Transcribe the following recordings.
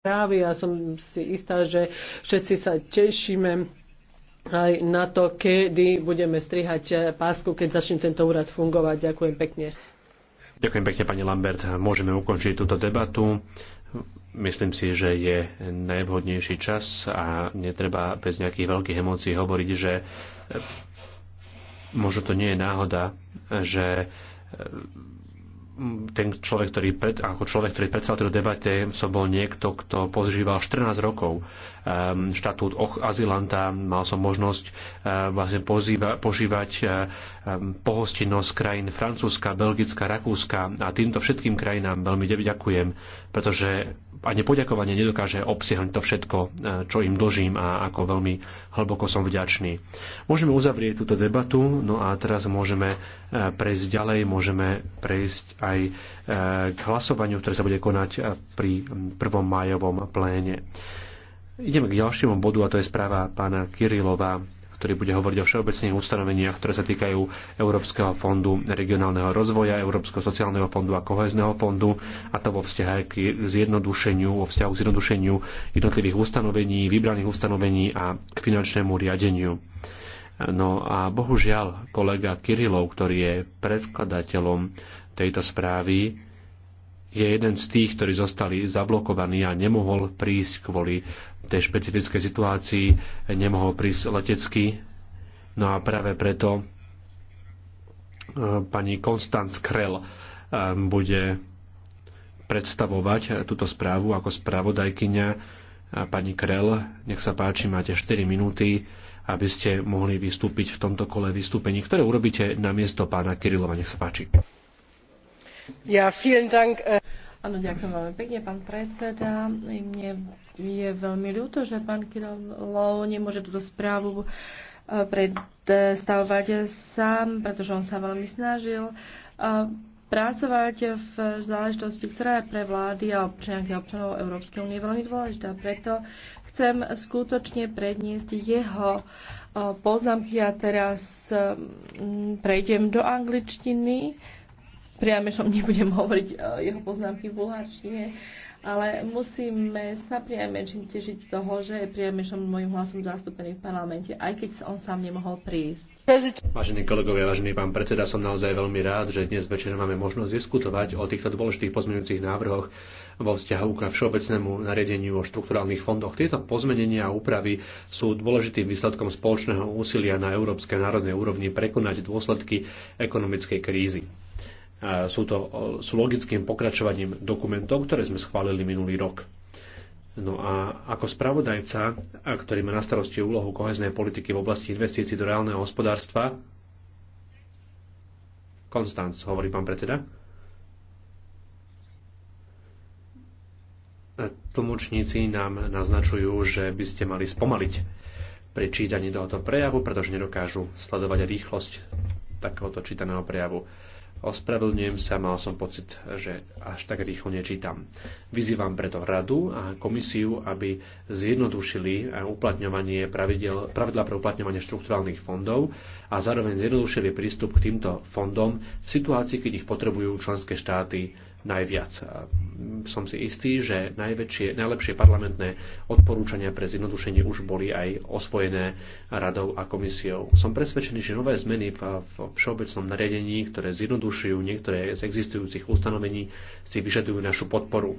správy a som si istá, že všetci sa tešíme aj na to, kedy budeme strihať pásku, keď začne tento úrad fungovať. Ďakujem pekne. Ďakujem pekne, pani Lambert. Môžeme ukončiť túto debatu. Myslím si, že je najvhodnejší čas a netreba bez nejakých veľkých emócií hovoriť, že možno to nie je náhoda, že ten človek, ktorý pred, ako človek, ktorý predstavil tejto debate, som bol niekto, kto požíval 14 rokov Ehm, štatút azylanta, mal som možnosť ehm, vlastne pozýva, požívať ehm, pohostinnosť krajín Francúzska, Belgická, Rakúska a týmto všetkým krajinám veľmi ďakujem, pretože ani poďakovanie nedokáže obsiahnuť to všetko, čo im dlžím a ako veľmi hlboko som vďačný. Môžeme uzavrieť túto debatu, no a teraz môžeme prejsť ďalej, môžeme prejsť aj k hlasovaniu, ktoré sa bude konať pri prvom májovom pléne. Ideme k ďalšiemu bodu a to je správa pána Kirilova, ktorý bude hovoriť o všeobecných ustanoveniach, ktoré sa týkajú Európskeho fondu regionálneho rozvoja, Európskeho sociálneho fondu a kohezného fondu, a to vo vzťahu k zjednodušeniu, vo vzťahu k zjednodušeniu jednotlivých ustanovení, vybraných ustanovení a k finančnému riadeniu. No a bohužiaľ kolega Kirilov, ktorý je predkladateľom tejto správy, je jeden z tých, ktorí zostali zablokovaní a nemohol prísť kvôli tej špecifickej situácii nemohol prísť letecky. No a práve preto e, pani Konstanc Krell e, bude predstavovať túto správu ako spravodajkyňa. Pani Krell, nech sa páči, máte 4 minúty, aby ste mohli vystúpiť v tomto kole vystúpení, ktoré urobíte na miesto pána Kirilova. Nech sa páči. Ja, vielen Dank. Äh, Áno, ďakujem veľmi pekne, pán predseda. Mne je veľmi ľúto, že pán Kirillov nemôže túto správu e, predstavovať sám, pretože on sa veľmi snažil e, pracovať v záležitosti, ktorá je pre vlády a občianky občanov Európskej únie veľmi dôležitá. Preto chcem skutočne predniesť jeho e, poznámky a teraz prejdem do angličtiny som nebudem hovoriť e, jeho poznámky v bulharčine, ale musíme sa priamežím težiť z toho, že je priamešom môjim hlasom zastúpený v parlamente, aj keď on sám nemohol prísť. Vážení kolegovia, vážený pán predseda, som naozaj veľmi rád, že dnes večer máme možnosť diskutovať o týchto dôležitých pozmenujúcich návrhoch vo vzťahu k všeobecnému nariadeniu o štrukturálnych fondoch. Tieto pozmenenia a úpravy sú dôležitým výsledkom spoločného úsilia na európskej národnej úrovni prekonať dôsledky ekonomickej krízy. Sú, to, sú logickým pokračovaním dokumentov, ktoré sme schválili minulý rok. No a ako spravodajca, ktorý má na starosti úlohu koheznej politiky v oblasti investícií do reálneho hospodárstva, Konstanc, hovorí pán predseda. Tlmočníci nám naznačujú, že by ste mali spomaliť pri čítaní tohoto prejavu, pretože nedokážu sledovať rýchlosť takéhoto čítaného prejavu. Ospravedlňujem sa, mal som pocit, že až tak rýchlo nečítam. Vyzývam preto radu a komisiu, aby zjednodušili eh, uplatňovanie pravidel, pravidla pre uplatňovanie štrukturálnych fondov a zároveň zjednodušili prístup k týmto fondom v situácii, keď ich potrebujú členské štáty najviac. Som si istý, že najväčšie, najlepšie parlamentné odporúčania pre zjednodušenie už boli aj osvojené radou a komisiou. Som presvedčený, že nové zmeny v, všeobecnom nariadení, ktoré zjednodušujú niektoré z existujúcich ustanovení, si vyžadujú našu podporu.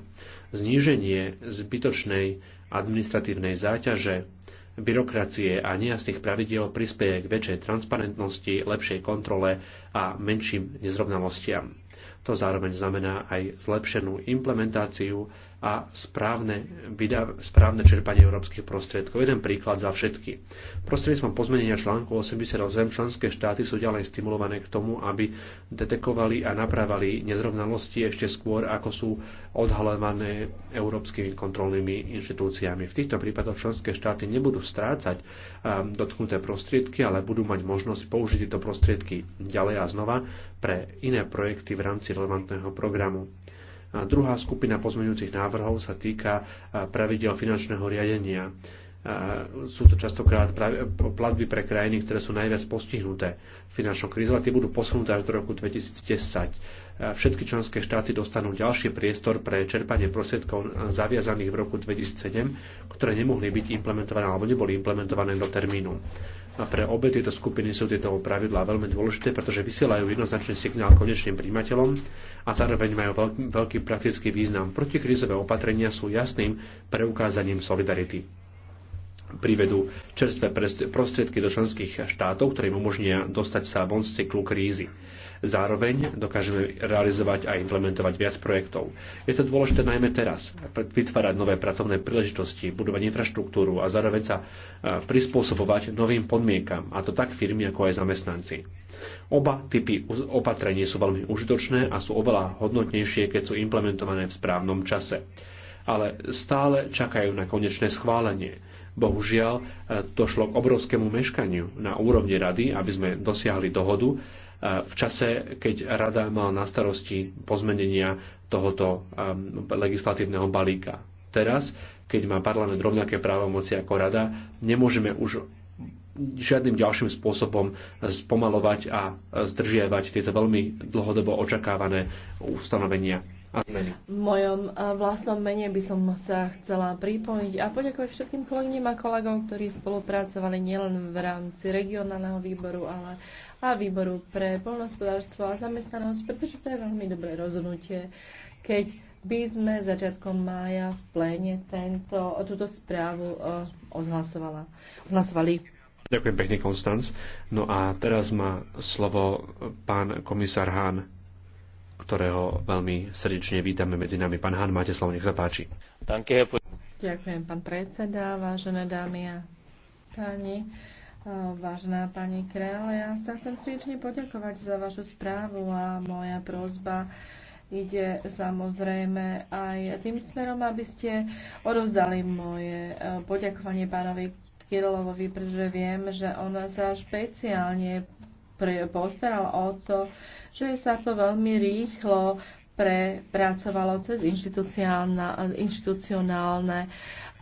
Zníženie zbytočnej administratívnej záťaže byrokracie a nejasných pravidiel prispieje k väčšej transparentnosti, lepšej kontrole a menším nezrovnalostiam. To zároveň znamená aj zlepšenú implementáciu a správne, správne čerpanie európskych prostriedkov. Jeden príklad za všetky. Prostredníctvom pozmenenia článku 88 členské štáty sú ďalej stimulované k tomu, aby detekovali a napravali nezrovnalosti ešte skôr, ako sú odhalované európskymi kontrolnými inštitúciami. V týchto prípadoch členské štáty nebudú strácať ehm, dotknuté prostriedky, ale budú mať možnosť použiť tieto prostriedky ďalej a znova pre iné projekty v rámci relevantného programu. A druhá skupina pozmeňujúcich návrhov sa týka pravidel finančného riadenia. A sú to častokrát platby pre krajiny, ktoré sú najviac postihnuté finančnou krízou a tie budú posunuté až do roku 2010. Všetky členské štáty dostanú ďalší priestor pre čerpanie prostriedkov zaviazaných v roku 2007, ktoré nemohli byť implementované alebo neboli implementované do termínu. A pre obe tieto skupiny sú tieto pravidlá veľmi dôležité, pretože vysielajú jednoznačný signál konečným príjimateľom a zároveň majú veľký praktický význam. Protikrízové opatrenia sú jasným preukázaním solidarity privedú čerstvé prostriedky do členských štátov, ktoré im umožnia dostať sa von z cyklu krízy. Zároveň dokážeme realizovať a implementovať viac projektov. Je to dôležité najmä teraz, vytvárať nové pracovné príležitosti, budovať infraštruktúru a zároveň sa e, prispôsobovať novým podmienkam, a to tak firmy, ako aj zamestnanci. Oba typy opatrení sú veľmi užitočné a sú oveľa hodnotnejšie, keď sú implementované v správnom čase. Ale stále čakajú na konečné schválenie. Bohužiaľ, e, došlo k obrovskému meškaniu na úrovni rady, aby sme dosiahli dohodu v čase, keď rada mala na starosti pozmenenia tohoto um, legislatívneho balíka. Teraz, keď má parlament rovnaké právomoci ako rada, nemôžeme už žiadnym ďalším spôsobom spomalovať a zdržiavať tieto veľmi dlhodobo očakávané ustanovenia. V mojom vlastnom mene by som sa chcela pripojiť a poďakovať všetkým kolegyňam a kolegom, ktorí spolupracovali nielen v rámci regionálneho výboru, ale a výboru pre poľnohospodárstvo a zamestnanosť, pretože to je veľmi dobré rozhodnutie, keď by sme začiatkom mája v pléne tento, túto správu e, odhlasovala, odhlasovali. Ďakujem pekne, Konstanc. No a teraz má slovo pán komisár Hán, ktorého veľmi srdečne vítame medzi nami. Pán Hán, máte slovo, nech sa páči. Ďakujem, pán predseda, vážené dámy a páni. Vážená pani Král, ja sa chcem srdečne poďakovať za vašu správu a moja prozba ide samozrejme aj tým smerom, aby ste odovzdali moje poďakovanie pánovi Kirilovovi, pretože viem, že on sa špeciálne postaral o to, že sa to veľmi rýchlo prepracovalo cez inštitucionálne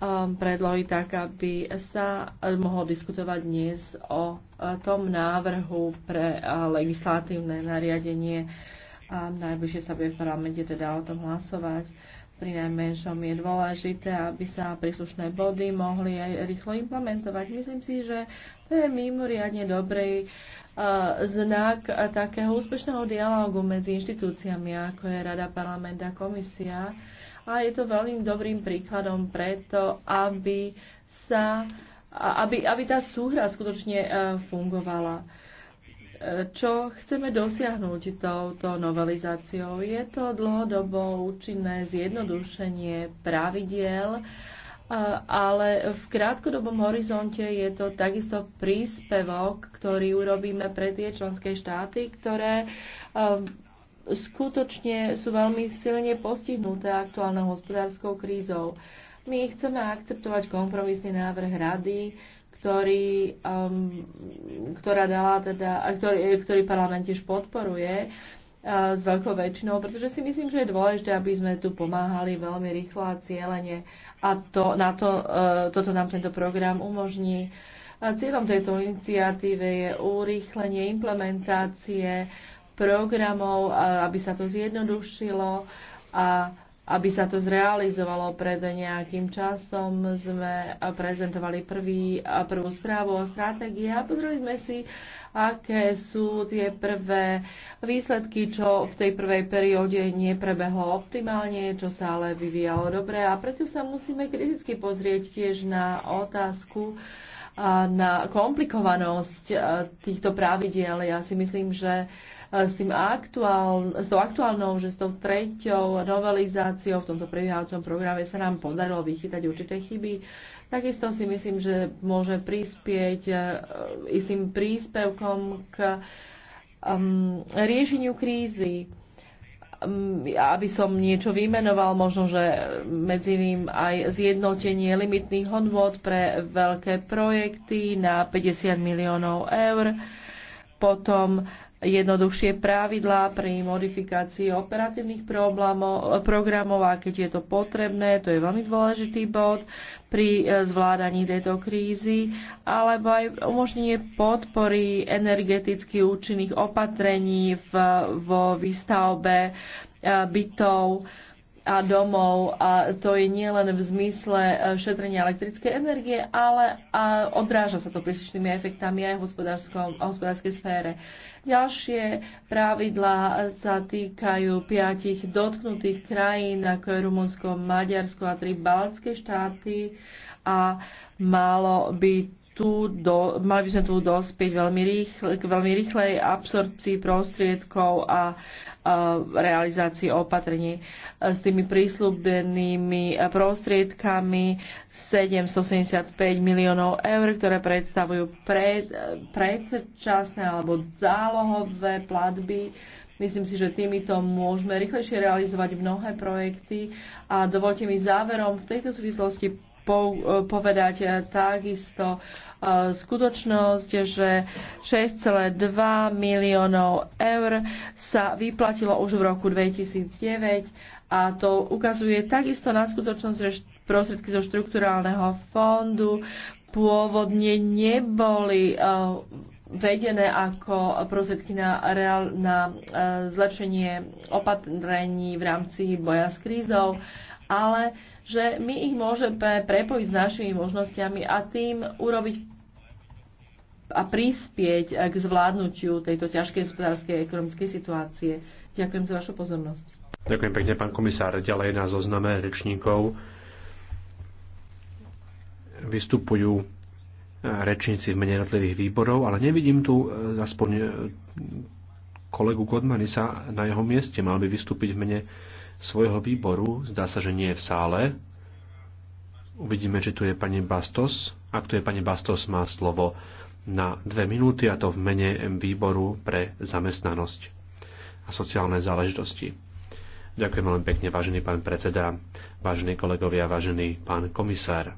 Um, predlohy tak, aby sa mohlo diskutovať dnes o tom návrhu pre legislatívne nariadenie. A najbližšie sa bude v parlamente teda o tom hlasovať. Pri najmenšom je dôležité, aby sa príslušné body mohli aj rýchlo implementovať. Myslím si, že to je mimoriadne dobrý znak takého úspešného dialógu medzi inštitúciami, ako je Rada, Parlament a Komisia a je to veľmi dobrým príkladom preto, aby, sa, aby, aby tá súhra skutočne e, fungovala. E, čo chceme dosiahnuť touto novelizáciou? Je to dlhodobo účinné zjednodušenie pravidiel, e, ale v krátkodobom horizonte je to takisto príspevok, ktorý urobíme pre tie členské štáty, ktoré skutočne sú veľmi silne postihnuté aktuálnou hospodárskou krízou. My chceme akceptovať kompromisný návrh rady, ktorý, um, ktorá dala teda, ktorý, e, ktorý parlament tiež podporuje uh, s veľkou väčšinou, pretože si myslím, že je dôležité, aby sme tu pomáhali veľmi rýchlo a cieľene a to, na to, uh, toto nám tento program umožní. A cieľom tejto iniciatívy je urýchlenie implementácie uh, programov, aby sa to zjednodušilo a aby sa to zrealizovalo pred nejakým časom. Sme prezentovali prvý, prvú správu o stratégii a pozreli sme si, aké sú tie prvé výsledky, čo v tej prvej perióde neprebehlo optimálne, čo sa ale vyvíjalo dobre. A preto sa musíme kriticky pozrieť tiež na otázku, na komplikovanosť týchto pravidiel. Ja si myslím, že E, s, tým aktuál, s tou aktuálnou, že s tou treťou novelizáciou v tomto prebiehajúcom programe sa nám podarilo vychytať určité chyby. Takisto si myslím, že môže prispieť e, istým príspevkom k um, riešeniu krízy um, aby som niečo vymenoval, možno, že medzi iným aj zjednotenie limitných odvod pre veľké projekty na 50 miliónov eur, potom jednoduchšie pravidlá pri modifikácii operatívnych programov a keď je to potrebné, to je veľmi dôležitý bod pri e, zvládaní tejto krízy, alebo aj umožnenie podpory energeticky účinných opatrení v, vo výstavbe e, bytov a domov. A to je nielen v zmysle e, šetrenia elektrickej energie, ale a odráža sa to príslušnými efektami aj v hospodárskej sfére. Ďalšie pravidlá sa týkajú piatich dotknutých krajín, ako je Rumunsko, Maďarsko a tri baltské štáty a malo by tu do, mali by sme tu dospieť veľmi rýchle, k veľmi rýchlej absorpcii prostriedkov a, a realizácii opatrení. S tými prísľubenými prostriedkami 775 miliónov eur, ktoré predstavujú pred, predčasné alebo zálohové platby, Myslím si, že týmito môžeme rýchlejšie realizovať mnohé projekty a dovolte mi záverom v tejto súvislosti povedať takisto Eh, skutočnosť, že 6,2 miliónov eur sa vyplatilo už v roku 2009 a to ukazuje takisto na skutočnosť, že prostriedky zo štrukturálneho fondu pôvodne neboli eh, vedené ako prostriedky na, reál, na eh, zlepšenie opatrení v rámci boja s krízou, ale že my ich môžeme prepojiť s našimi možnosťami a tým urobiť a prispieť k zvládnutiu tejto ťažkej hospodárskej a ekonomickej situácie. Ďakujem za vašu pozornosť. Ďakujem pekne, pán komisár. Ďalej na zozname rečníkov vystupujú eh, rečníci v mene jednotlivých výborov, ale nevidím tu eh, aspoň eh, kolegu Godmanisa na jeho mieste. Mal by vystúpiť v mene svojho výboru. Zdá sa, že nie je v sále. Uvidíme, či tu je pani Bastos. Ak tu je pani Bastos, má slovo na dve minúty a to v mene výboru pre zamestnanosť a sociálne záležitosti. Ďakujem veľmi pekne, vážený pán predseda, vážení kolegovia, vážený pán komisár.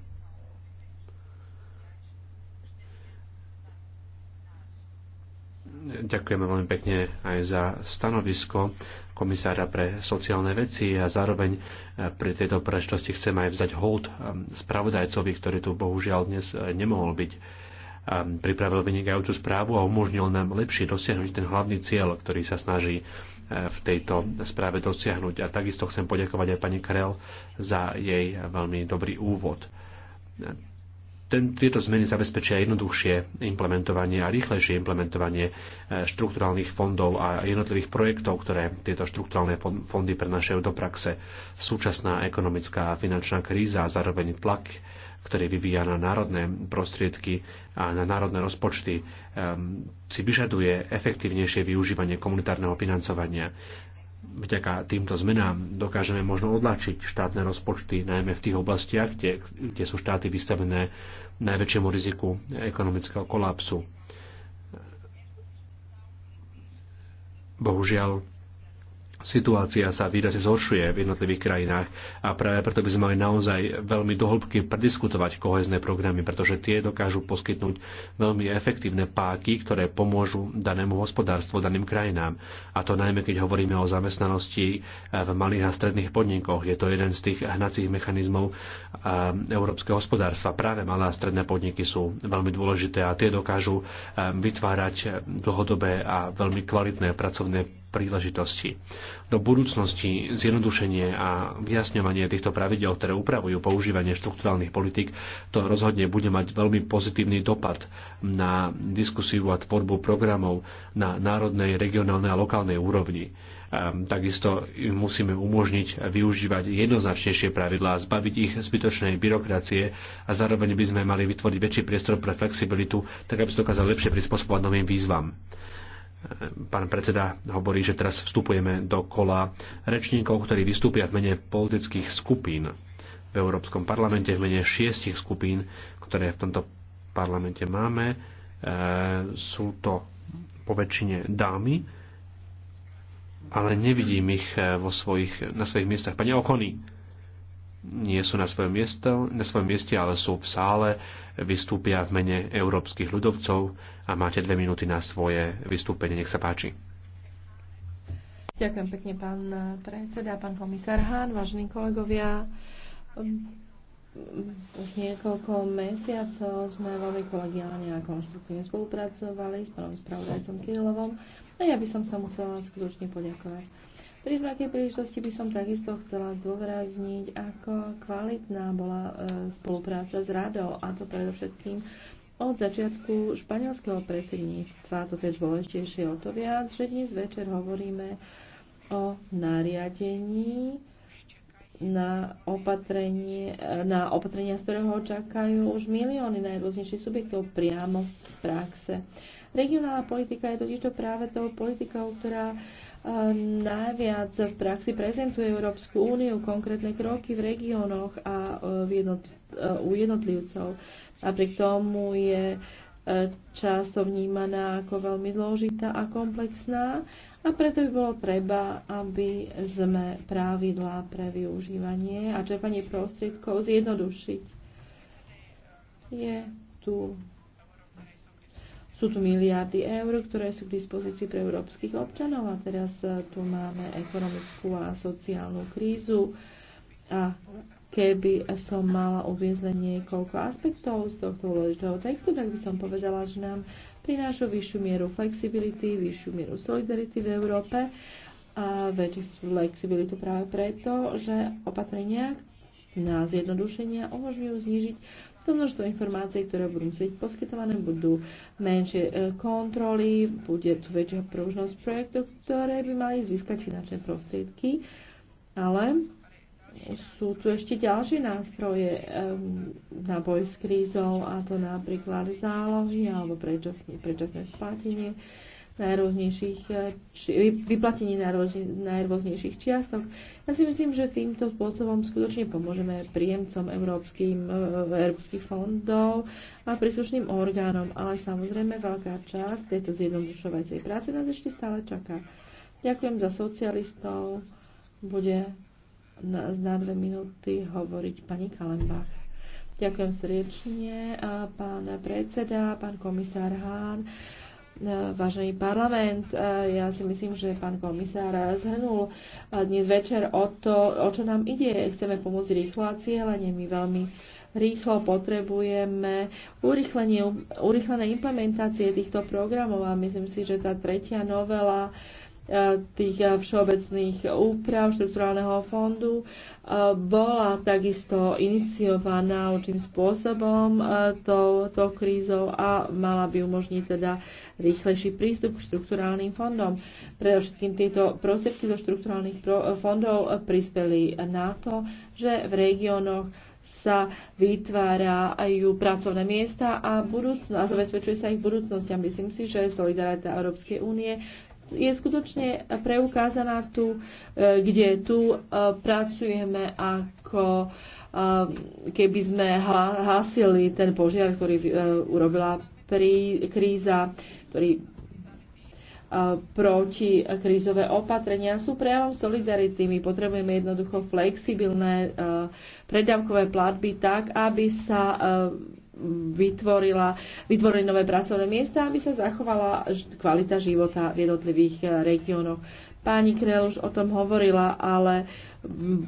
Ďakujeme veľmi pekne aj za stanovisko komisára pre sociálne veci a zároveň e, pri tejto prečnosti chcem aj vzdať hold e, spravodajcovi, ktorý tu bohužiaľ dnes e, nemohol byť. Pripravil vynikajúcu správu a umožnil nám lepšie dosiahnuť ten hlavný cieľ, ktorý sa snaží v tejto správe dosiahnuť. A takisto chcem poďakovať aj pani Karel za jej veľmi dobrý úvod ten, tieto zmeny zabezpečia jednoduchšie implementovanie a rýchlejšie implementovanie e, štrukturálnych fondov a jednotlivých projektov, ktoré tieto štrukturálne fondy prenašajú do praxe. Súčasná ekonomická a finančná kríza a zároveň tlak ktorý vyvíja na národné prostriedky a na národné rozpočty, e, si vyžaduje efektívnejšie využívanie komunitárneho financovania vďaka týmto zmenám dokážeme možno odlačiť štátne rozpočty, najmä v tých oblastiach, kde, kde sú štáty vystavené najväčšiemu riziku ekonomického kolapsu. Bohužiaľ, Situácia sa výrazne zhoršuje v jednotlivých krajinách a práve preto by sme mali naozaj veľmi dohlbky prediskutovať kohezné programy, pretože tie dokážu poskytnúť veľmi efektívne páky, ktoré pomôžu danému hospodárstvu, daným krajinám. A to najmä, keď hovoríme o zamestnanosti eh, v malých a stredných podnikoch. Je to jeden z tých hnacích mechanizmov eh, európskeho hospodárstva. Práve malé a stredné podniky sú veľmi dôležité a tie dokážu eh, vytvárať dlhodobé a veľmi kvalitné pracovné príležitosti. Do budúcnosti zjednodušenie a vyjasňovanie týchto pravidel, ktoré upravujú používanie štrukturálnych politik, to rozhodne bude mať veľmi pozitívny dopad na diskusiu a tvorbu programov na národnej, regionálnej a lokálnej úrovni. Ehm, takisto musíme umožniť využívať jednoznačnejšie pravidlá, zbaviť ich zbytočnej byrokracie a zároveň by sme mali vytvoriť väčší priestor pre flexibilitu, tak aby sa dokázali lepšie prispôsobovať novým výzvam. Pán predseda hovorí, že teraz vstupujeme do kola rečníkov, ktorí vystúpia v mene politických skupín v Európskom parlamente, v mene šiestich skupín, ktoré v tomto parlamente máme. E, sú to po väčšine dámy, ale nevidím ich e, vo svojich, na svojich miestach. Pane Okony, nie sú na svojom, na svojom mieste, ale sú v sále vystúpia v mene európskych ľudovcov a máte dve minúty na svoje vystúpenie. Nech sa páči. Ďakujem pekne, pán predseda, pán komisár Hán, vážení kolegovia. Už niekoľko mesiacov sme veľmi kolegiálne a konštruktívne spolupracovali s pánom spravodajcom Kirilovom a ja by som sa musela skutočne poďakovať pri rovnakej príležitosti by som takisto chcela dôrazniť, ako kvalitná bola e, spolupráca s radou, a to predovšetkým od začiatku španielského predsedníctva. Toto je dôležitejšie o to viac, že dnes večer hovoríme o nariadení na, opatrenie, e, na opatrenia, z ktorého čakajú už milióny najrôznejších subjektov priamo z praxe. Regionálna politika je totižto práve tou politikou, ktorá uh, najviac v praxi prezentuje Európsku úniu, konkrétne kroky v regiónoch a e, v jednot, e, u jednotlivcov. Napriek tomu je e, často vnímaná ako veľmi zložitá a komplexná a preto by bolo treba, aby sme pravidlá pre využívanie a čerpanie prostriedkov zjednodušiť. Je tu sú tu miliardy eur, ktoré sú k dispozícii pre európskych občanov a teraz e, tu máme ekonomickú a sociálnu krízu. A keby som mala uviezť niekoľko aspektov z tohto dôležitého textu, tak by som povedala, že nám prinášu vyššiu mieru flexibility, vyššiu mieru solidarity v Európe a väčšiu flexibilitu práve preto, že opatrenia na zjednodušenia umožňujú znížiť to množstvo informácií, ktoré budú musieť poskytované, budú menšie e, kontroly, bude tu väčšia pružnosť projektov, ktoré by mali získať finančné prostriedky, ale sú tu ešte ďalšie nástroje e, na boj s krízou, a to napríklad zálohy alebo predčasné, predčasné splatenie najrôznejších, eh, či, vyplatenie najrôznejších čiastok. Ja si myslím, že týmto spôsobom skutočne pomôžeme príjemcom európskym, eh, európskych fondov a príslušným orgánom, ale samozrejme veľká časť tejto zjednodušovacej práce nás ešte stále čaká. Ďakujem za socialistov. Bude na, na dve minúty hovoriť pani Kalembach. Ďakujem srdečne, eh, pán predseda, pán komisár Hán vážený parlament. E, ja si myslím, že pán komisár zhrnul e, dnes večer o to, o čo nám ide. Chceme pomôcť rýchlo a cieľenie. My veľmi rýchlo potrebujeme urýchlenie urychlené implementácie týchto programov a myslím si, že tá tretia novela tých eh, všeobecných úprav štrukturálneho fondu eh, bola takisto iniciovaná určitým spôsobom eh, touto krízou a mala by umožniť teda rýchlejší prístup k štrukturálnym fondom. Pre všetkým tieto prostriedky zo štrukturálnych fondov prispeli na to, že v regiónoch sa vytvárajú pracovné miesta a, budúcno, a zabezpečuje sa ich budúcnosť. A myslím si, že solidarita Európskej únie je skutočne preukázaná tu, e, kde tu e, pracujeme ako e, keby sme hasili ten požiar, ktorý urobila prí, kríza, ktorý proti krízové opatrenia sú prejavom solidarity. My potrebujeme jednoducho flexibilné predávkové platby tak, aby sa vytvorila, vytvorili nové pracovné miesta, aby sa zachovala kvalita života v jednotlivých eh, regiónoch. Pani Krel už o tom hovorila, ale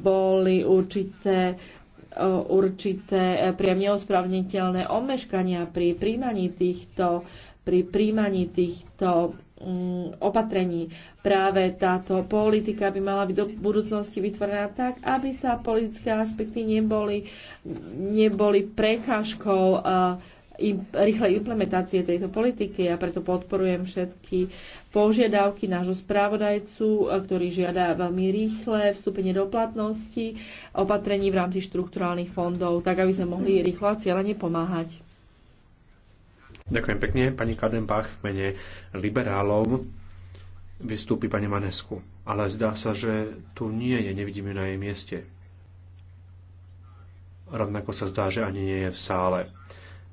boli určité eh, určité eh, priam neospravniteľné omeškania pri príjmaní týchto pri príjmaní týchto Mm, opatrení. Práve táto politika by mala byť do budúcnosti vytvorená tak, aby sa politické aspekty neboli, neboli prekážkou im, rýchlej implementácie tejto politiky a ja preto podporujem všetky požiadavky nášho správodajcu, ktorý žiada veľmi rýchle vstúpenie do platnosti opatrení v rámci štrukturálnych fondov, tak aby sme mohli rýchlo a cieľene pomáhať. Ďakujem pekne. Pani Kadenbach v mene liberálov vystúpi pani Manesku. Ale zdá sa, že tu nie je, nevidím ju na jej mieste. Rovnako sa zdá, že ani nie je v sále.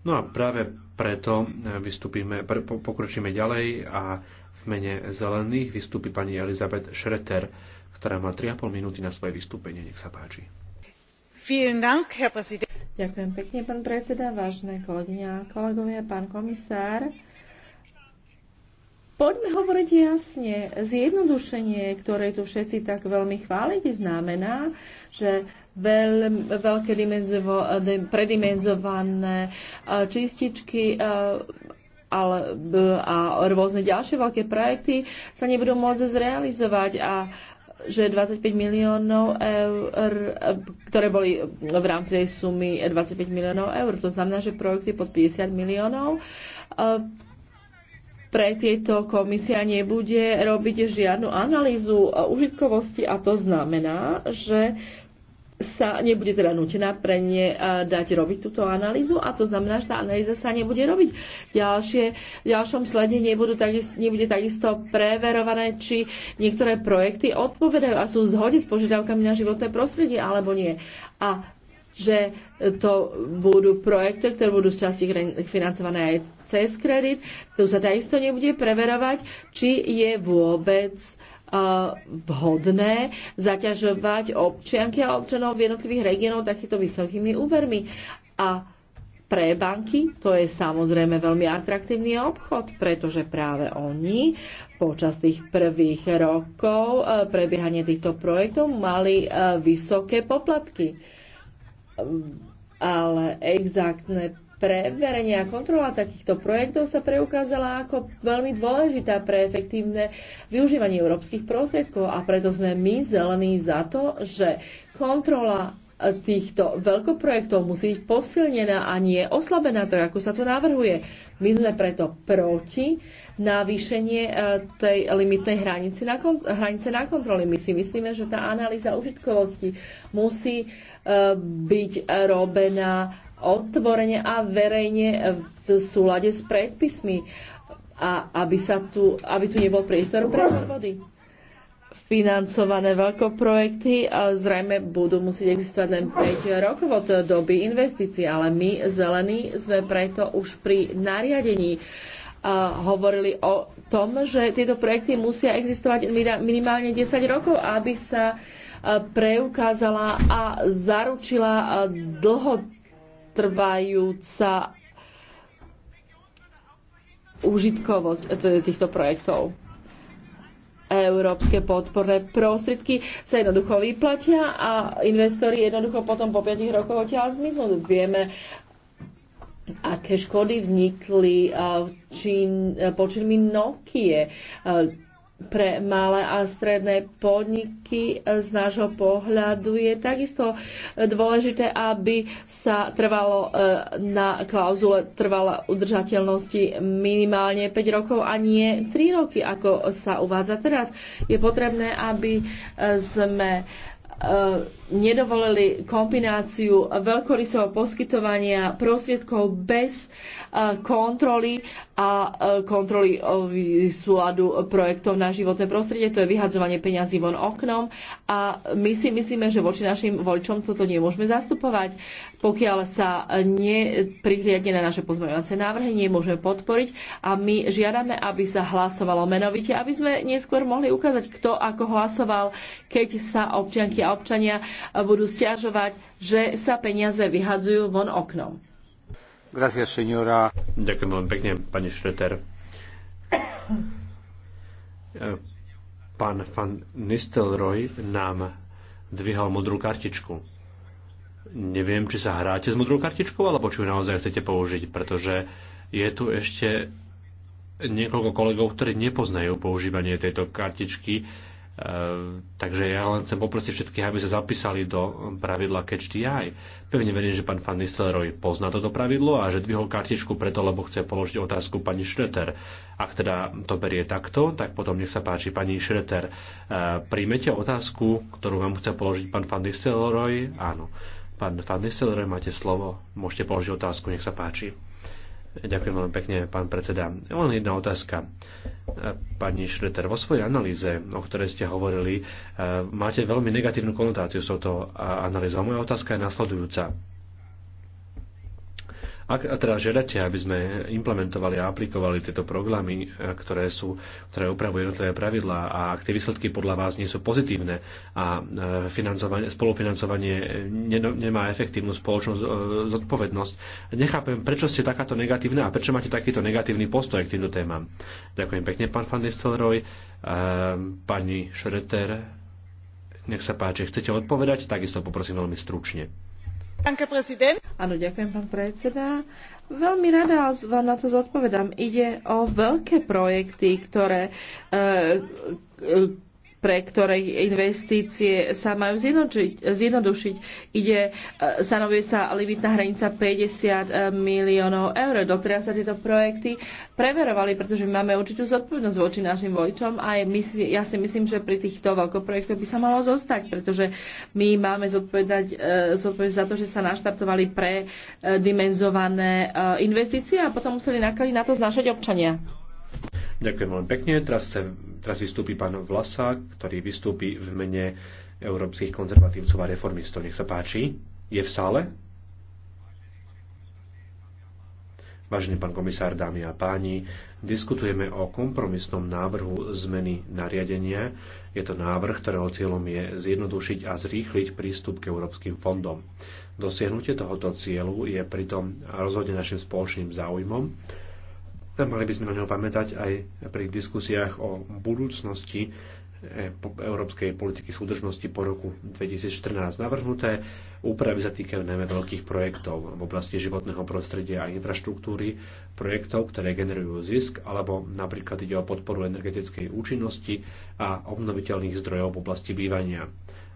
No a práve preto eh, vystúpime, pokročíme ďalej a v mene zelených vystúpi pani Elizabeth Schreter, ktorá má 3,5 minúty na svoje vystúpenie. Nech sa páči. Ďakujem pekne, pán predseda, vážne kolegyňa, kolegovia, pán komisár. Poďme hovoriť jasne. Zjednodušenie, ktoré tu všetci tak veľmi chválite, znamená, že veľ, veľké predimenzované e, čističky e, ale, a rôzne ďalšie veľké projekty sa nebudú môcť zrealizovať a že 25 miliónov eur, ktoré boli v rámci tej sumy 25 miliónov eur. To znamená, že projekty pod 50 miliónov pre tieto komisia nebude robiť žiadnu analýzu užitkovosti a to znamená, že sa nebude teda nutená pre ne eh, dať robiť túto analýzu a to znamená, že tá analýza sa nebude robiť. Ďalšie, v ďalšom slede nebudú takisto, nebude takisto preverované, či niektoré projekty odpovedajú a sú v zhode s požiadavkami na životné prostredie alebo nie. A že to budú projekty, ktoré budú z časti financované aj cez kredit. Tu sa takisto nebude preverovať, či je vôbec uh, Eh, vhodné zaťažovať občianky a občanov v jednotlivých regiónoch takýmito vysokými úvermi. A pre banky to je samozrejme veľmi atraktívny obchod, pretože práve oni počas tých prvých rokov eh, prebiehania týchto projektov mali eh, vysoké poplatky. Ale exaktné preverenie a kontrola takýchto projektov sa preukázala ako veľmi dôležitá pre efektívne využívanie európskych prostriedkov a preto sme my zelení za to, že kontrola e, týchto veľkoprojektov musí byť posilnená a nie oslabená, tak ako sa tu navrhuje. My sme preto proti navýšenie e, tej limitnej hranice na, kont- hranice na kontroly. My si myslíme, že tá analýza užitkovosti musí e, byť robená otvorene a verejne v súlade s predpismi a aby, sa tu, aby tu nebol priestor pre podvody. Financované veľkoprojekty zrejme budú musieť existovať len 5 rokov od doby investícií, ale my, zelení, sme preto už pri nariadení hovorili o tom, že tieto projekty musia existovať minimálne 10 rokov, aby sa preukázala a zaručila dlho trvajúca užitkovosť e, týchto projektov. Európske podporné prostriedky sa jednoducho vyplatia a investori jednoducho potom po 5 rokoch odtiaľ zmiznú. Vieme, aké škody vznikli e, čin, e, počinmi Nokie pre malé a stredné podniky z nášho pohľadu je takisto dôležité, aby sa trvalo e, na klauzule trvala udržateľnosti minimálne 5 rokov a nie 3 roky, ako sa uvádza teraz. Je potrebné, aby e, sme e, nedovolili kombináciu veľkorysého poskytovania prostriedkov bez uh, kontroly a e, kontroly e, súladu projektov na životné prostredie. To je vyhadzovanie peňazí von oknom a my si myslíme, že voči našim voličom toto nemôžeme zastupovať. Pokiaľ sa neprihliadne na naše pozmeňovacie návrhy, nemôžeme podporiť a my žiadame, aby sa hlasovalo menovite, aby sme neskôr mohli ukázať, kto ako hlasoval, keď sa občianky a občania budú stiažovať, že sa peniaze vyhadzujú von oknom. Gracias, señora. Ďakujem veľmi pekne, pani Šreter. Pán Van Nistelrooy nám dvihal modrú kartičku. Neviem, či sa hráte s modrou kartičkou, alebo či ju naozaj chcete použiť, pretože je tu ešte niekoľko kolegov, ktorí nepoznajú používanie tejto kartičky Eh, takže ja len chcem poprosiť všetkých, aby sa zapísali do pravidla Catch the Eye. Pevne verím, že pán Van Nistelrooy pozná toto pravidlo a že dvihol kartičku preto, lebo chce položiť otázku pani Šreter. Ak teda to berie takto, tak potom nech sa páči pani Šreter. Eh, príjmete otázku, ktorú vám chce položiť pán Van Nistelrooy? Áno. Pán Van Nistelrooy, máte slovo. Môžete položiť otázku, nech sa páči. Ďakujem veľmi pekne, pán predseda. Len jedna otázka. Pani Šreter, vo svojej analýze, o ktorej ste hovorili, máte veľmi negatívnu konotáciu s touto analýzou. Moja otázka je nasledujúca ak teda žiadate, aby sme implementovali a aplikovali tieto programy, e, ktoré, sú, ktoré upravujú jednotlivé pravidlá a ak tie výsledky podľa vás nie sú pozitívne a e, financovanie, spolufinancovanie nemá efektívnu spoločnosť e, zodpovednosť, nechápem, prečo ste takáto negatívna a prečo máte takýto negatívny postoj k týmto témam. Ďakujem pekne, pán Van Nistelrooy, pani Šreter, nech sa páči, chcete odpovedať, takisto poprosím veľmi stručne. Áno, ďakujem, pán predseda. Veľmi rada vám na to zodpovedám. Ide o veľké projekty, ktoré, e, e, pre ktorých investície sa majú zjednodušiť. Ide, e, stanovuje sa limitná hranica 50 e, miliónov eur. Doteraz sa tieto projekty preverovali, pretože my máme určitú zodpovednosť voči našim voličom a ja si myslím, že pri týchto veľkoprojektoch by sa malo zostať, pretože my máme zodpovedať, e, zodpovedať za to, že sa naštartovali predimenzované investície a potom museli náklady na to znašať občania. Ďakujem veľmi pekne. Teraz, chcem, teraz vystúpi pán Vlasák, ktorý vystúpi v mene európskych konzervatívcov a reformistov. Nech sa páči. Je v sále? Vážený pán komisár, dámy a páni, diskutujeme o kompromisnom návrhu zmeny nariadenia. Je to návrh, ktorého cieľom je zjednodušiť a zrýchliť prístup k európskym fondom. Dosiahnutie tohoto cieľu je pritom rozhodne našim spoločným záujmom mali by sme na neho pamätať aj pri diskusiách o budúcnosti e, európskej politiky súdržnosti po roku 2014. Navrhnuté úpravy sa týkajú najmä veľkých projektov v oblasti životného prostredia a infraštruktúry, projektov, ktoré generujú zisk, alebo napríklad ide o podporu energetickej účinnosti a obnoviteľných zdrojov v oblasti bývania.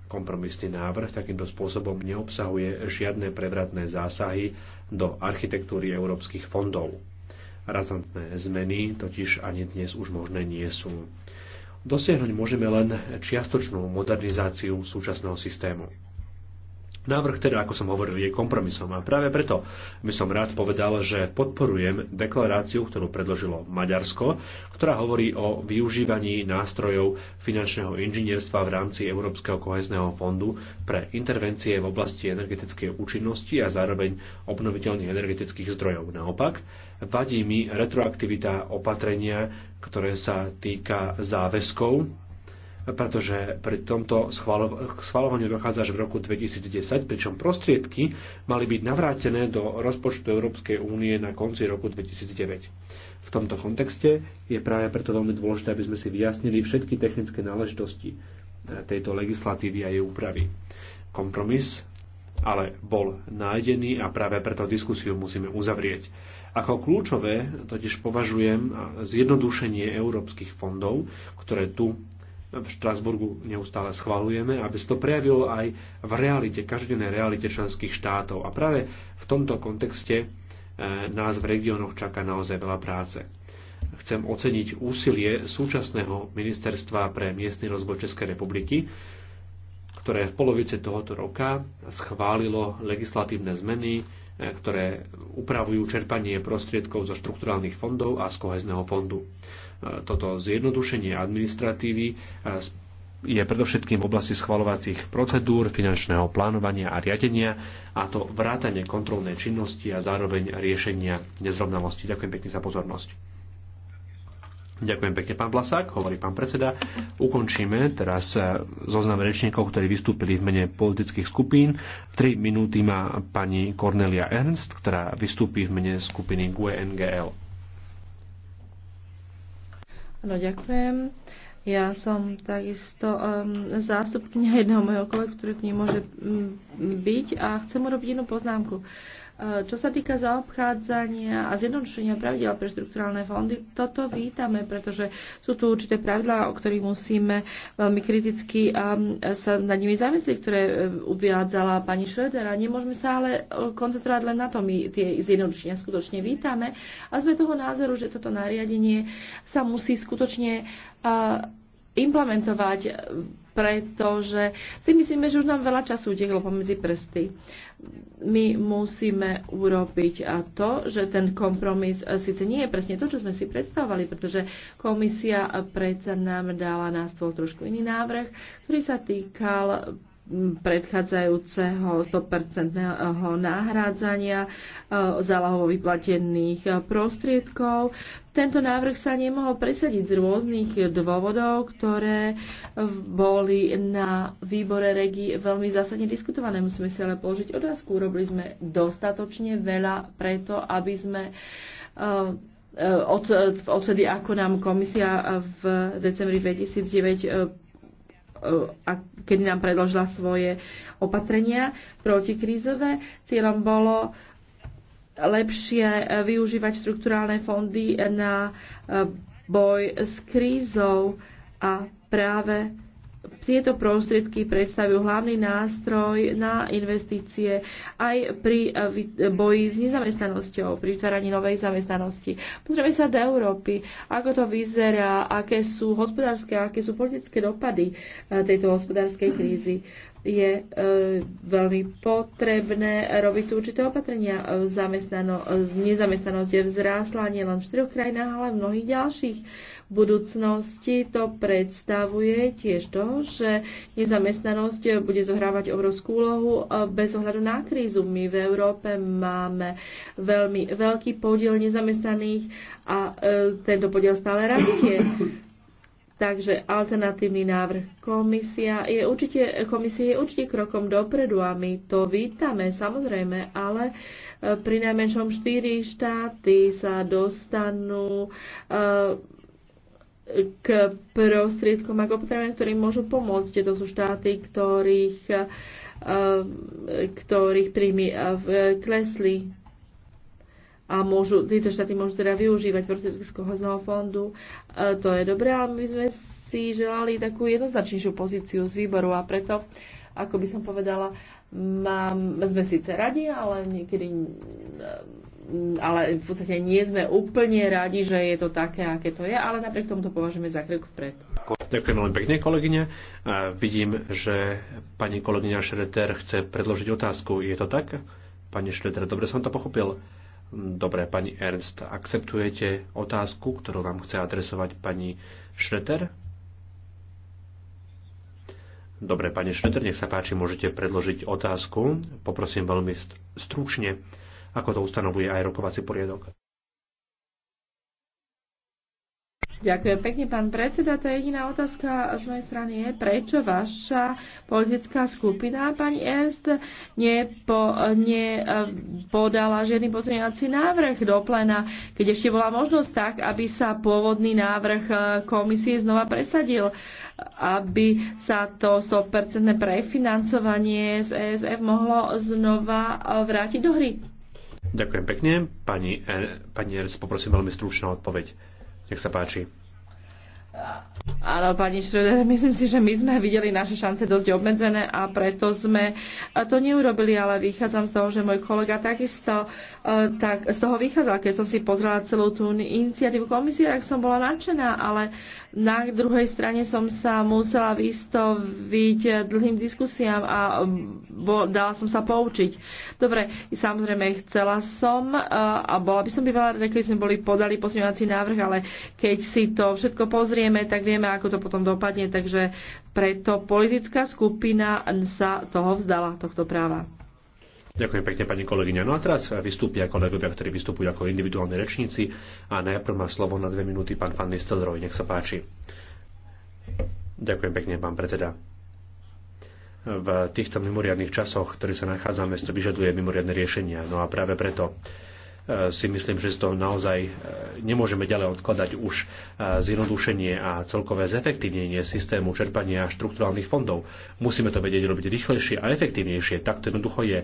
Kompromisný návrh takýmto spôsobom neobsahuje žiadne prevratné zásahy do architektúry európskych fondov. Razantné zmeny totiž ani dnes už možné nie sú. Dosiahnuť môžeme len čiastočnú modernizáciu súčasného systému. Návrh teda, ako som hovoril, je kompromisom a práve preto by som rád povedal, že podporujem deklaráciu, ktorú predložilo Maďarsko, ktorá hovorí o využívaní nástrojov finančného inžinierstva v rámci Európskeho kohezného fondu pre intervencie v oblasti energetickej účinnosti a zároveň obnoviteľných energetických zdrojov. Naopak, vadí mi retroaktivita opatrenia, ktoré sa týka záväzkov pretože pri tomto schvalovaniu dochádza až v roku 2010, pričom prostriedky mali byť navrátené do rozpočtu Európskej únie na konci roku 2009. V tomto kontexte je práve preto veľmi dôležité, aby sme si vyjasnili všetky technické náležitosti eh, tejto legislatívy a jej úpravy. Kompromis ale bol nájdený a práve preto diskusiu musíme uzavrieť. Ako kľúčové totiž považujem eh, zjednodušenie európskych fondov, ktoré tu v Štrasburgu neustále schvalujeme, aby sa to prejavilo aj v realite, každodennej realite členských štátov. A práve v tomto kontexte e, nás v regiónoch čaká naozaj veľa práce. Chcem oceniť úsilie súčasného ministerstva pre miestny rozvoj Českej republiky, ktoré v polovici tohoto roka schválilo legislatívne zmeny, e, ktoré upravujú čerpanie prostriedkov zo štrukturálnych fondov a z kohezného fondu. Toto zjednodušenie administratívy e, je predovšetkým v oblasti schvalovacích procedúr, finančného plánovania a riadenia, a to vrátanie kontrolnej činnosti a zároveň riešenia nezrovnalosti. Ďakujem pekne za pozornosť. Ďakujem pekne, pán Vlasák, hovorí pán predseda. Ukončíme teraz e, zoznam rečníkov, ktorí vystúpili v mene politických skupín. Tri minúty má pani Cornelia Ernst, ktorá vystúpi v mene skupiny GUE NGL. No ďakujem. Ja som takisto um, zástupkňa jedného mojho kolegu, ktorý tu nemôže mm, byť a chcem urobiť jednu poznámku. Uh, E, čo sa týka zaobchádzania a zjednodušenia pravidel pre štrukturálne fondy, toto vítame, pretože sú tu určité pravidlá, o ktorých musíme veľmi kriticky e, sa nad nimi zamyslieť, ktoré e, uviadzala pani Šredera. Nemôžeme sa ale koncentrovať len na to. My tie zjednodušenia skutočne vítame a sme toho názoru, že toto nariadenie sa musí skutočne implementovať pretože si myslíme, že už nám veľa času utieklo pomedzi prsty. My musíme urobiť to, že ten kompromis síce nie je presne to, čo sme si predstavovali, pretože komisia predsa nám dala na stôl trošku iný návrh, ktorý sa týkal predchádzajúceho 100% náhrádzania eh, zálohovo vyplatených eh, prostriedkov. Tento návrh sa nemohol presadiť z rôznych dôvodov, ktoré boli na výbore regi veľmi zásadne diskutované. Musíme si ale položiť otázku. Urobili sme dostatočne veľa preto, aby sme eh, od, ako nám komisia v decembri 2009 eh, a kedy nám predložila svoje opatrenia protikrízové. Cieľom bolo lepšie e, využívať štrukturálne fondy na e, boj s krízou a práve tieto prostriedky predstavujú hlavný nástroj na investície aj pri e, boji s nezamestnanosťou, pri vytváraní novej zamestnanosti. Pozrieme sa do Európy, ako to vyzerá, aké sú hospodárske, aké sú politické dopady tejto hospodárskej krízy je e, veľmi potrebné robiť určité opatrenia. E, zamestnano, e, nezamestnanosť je vzrástla nielen v štyroch krajinách, ale v mnohých ďalších. V budúcnosti to predstavuje tiež to, že nezamestnanosť bude zohrávať obrovskú úlohu e, bez ohľadu na krízu. My v Európe máme veľmi veľký podiel nezamestnaných a e, tento podiel stále rastie. Takže alternatívny návrh komisia je určite, komisie je určite krokom dopredu a my to vítame samozrejme, ale e, pri najmenšom štyri štáty sa dostanú e, k prostriedkom ako potrebujem, ktorým môžu pomôcť. To sú štáty, ktorých, e, ktorých príjmy klesli a môžu, tieto štáty môžu teda využívať prostriedky z kohozného fondu. E, to je dobré, ale my sme si želali takú jednoznačnejšiu pozíciu z výboru a preto, ako by som povedala, mám, sme síce radi, ale niekedy ale v podstate nie sme úplne radi, že je to také, aké to je, ale napriek tomu to považujeme za krok vpred. Ďakujem veľmi pekne, kolegyne. E, vidím, že pani kolegyňa Šreter chce predložiť otázku. Je to tak? Pani Šreter, dobre som to pochopil. Dobre, pani Ernst, akceptujete otázku, ktorú vám chce adresovať pani Šreter? Dobre, pani Šreter, nech sa páči, môžete predložiť otázku. Poprosím veľmi stručne, ako to ustanovuje aj rokovací poriadok. Ďakujem pekne, pán predseda. Tá jediná otázka z mojej strany je, prečo vaša politická skupina, pani Ernst, nepo, nepodala eh, žiadny pozmeňovací návrh do plena, keď ešte bola možnosť tak, aby sa pôvodný návrh eh, komisie znova presadil, aby sa to 100% prefinancovanie z ESF mohlo znova eh, vrátiť do hry. Ďakujem pekne. Pani, e, pani Ernst, poprosím veľmi stručnú odpoveď. Nech sa páči. Áno, pani Šreder, myslím si, že my sme videli naše šance dosť obmedzené a preto sme to neurobili, ale vychádzam z toho, že môj kolega takisto e, tak z toho vychádzal, keď som si pozrela celú tú iniciatívu komisie, tak som bola nadšená, ale na druhej strane som sa musela vystaviť dlhým diskusiám a bo, dala som sa poučiť. Dobre, samozrejme chcela som e, a bola by som bývala keď sme boli podali posmievací návrh, ale keď si to všetko pozrieme, tak vieme, nevieme, ako to potom dopadne, takže preto politická skupina sa toho vzdala, tohto práva. Ďakujem pekne, pani kolegyňa. No a teraz vystúpia kolegovia, ktorí vystupujú ako individuálni rečníci. A najprv má slovo na dve minúty pán pán Nistelroj. Nech sa páči. Ďakujem pekne, pán predseda. V týchto mimoriadných časoch, ktorý sa nachádzame, to vyžaduje mimoriadne riešenia. No a práve preto si myslím, že to naozaj e, nemôžeme ďalej odkladať už e, zjednodušenie a celkové zefektívnenie systému čerpania štrukturálnych fondov. Musíme to vedieť robiť rýchlejšie a efektívnejšie, tak to jednoducho je.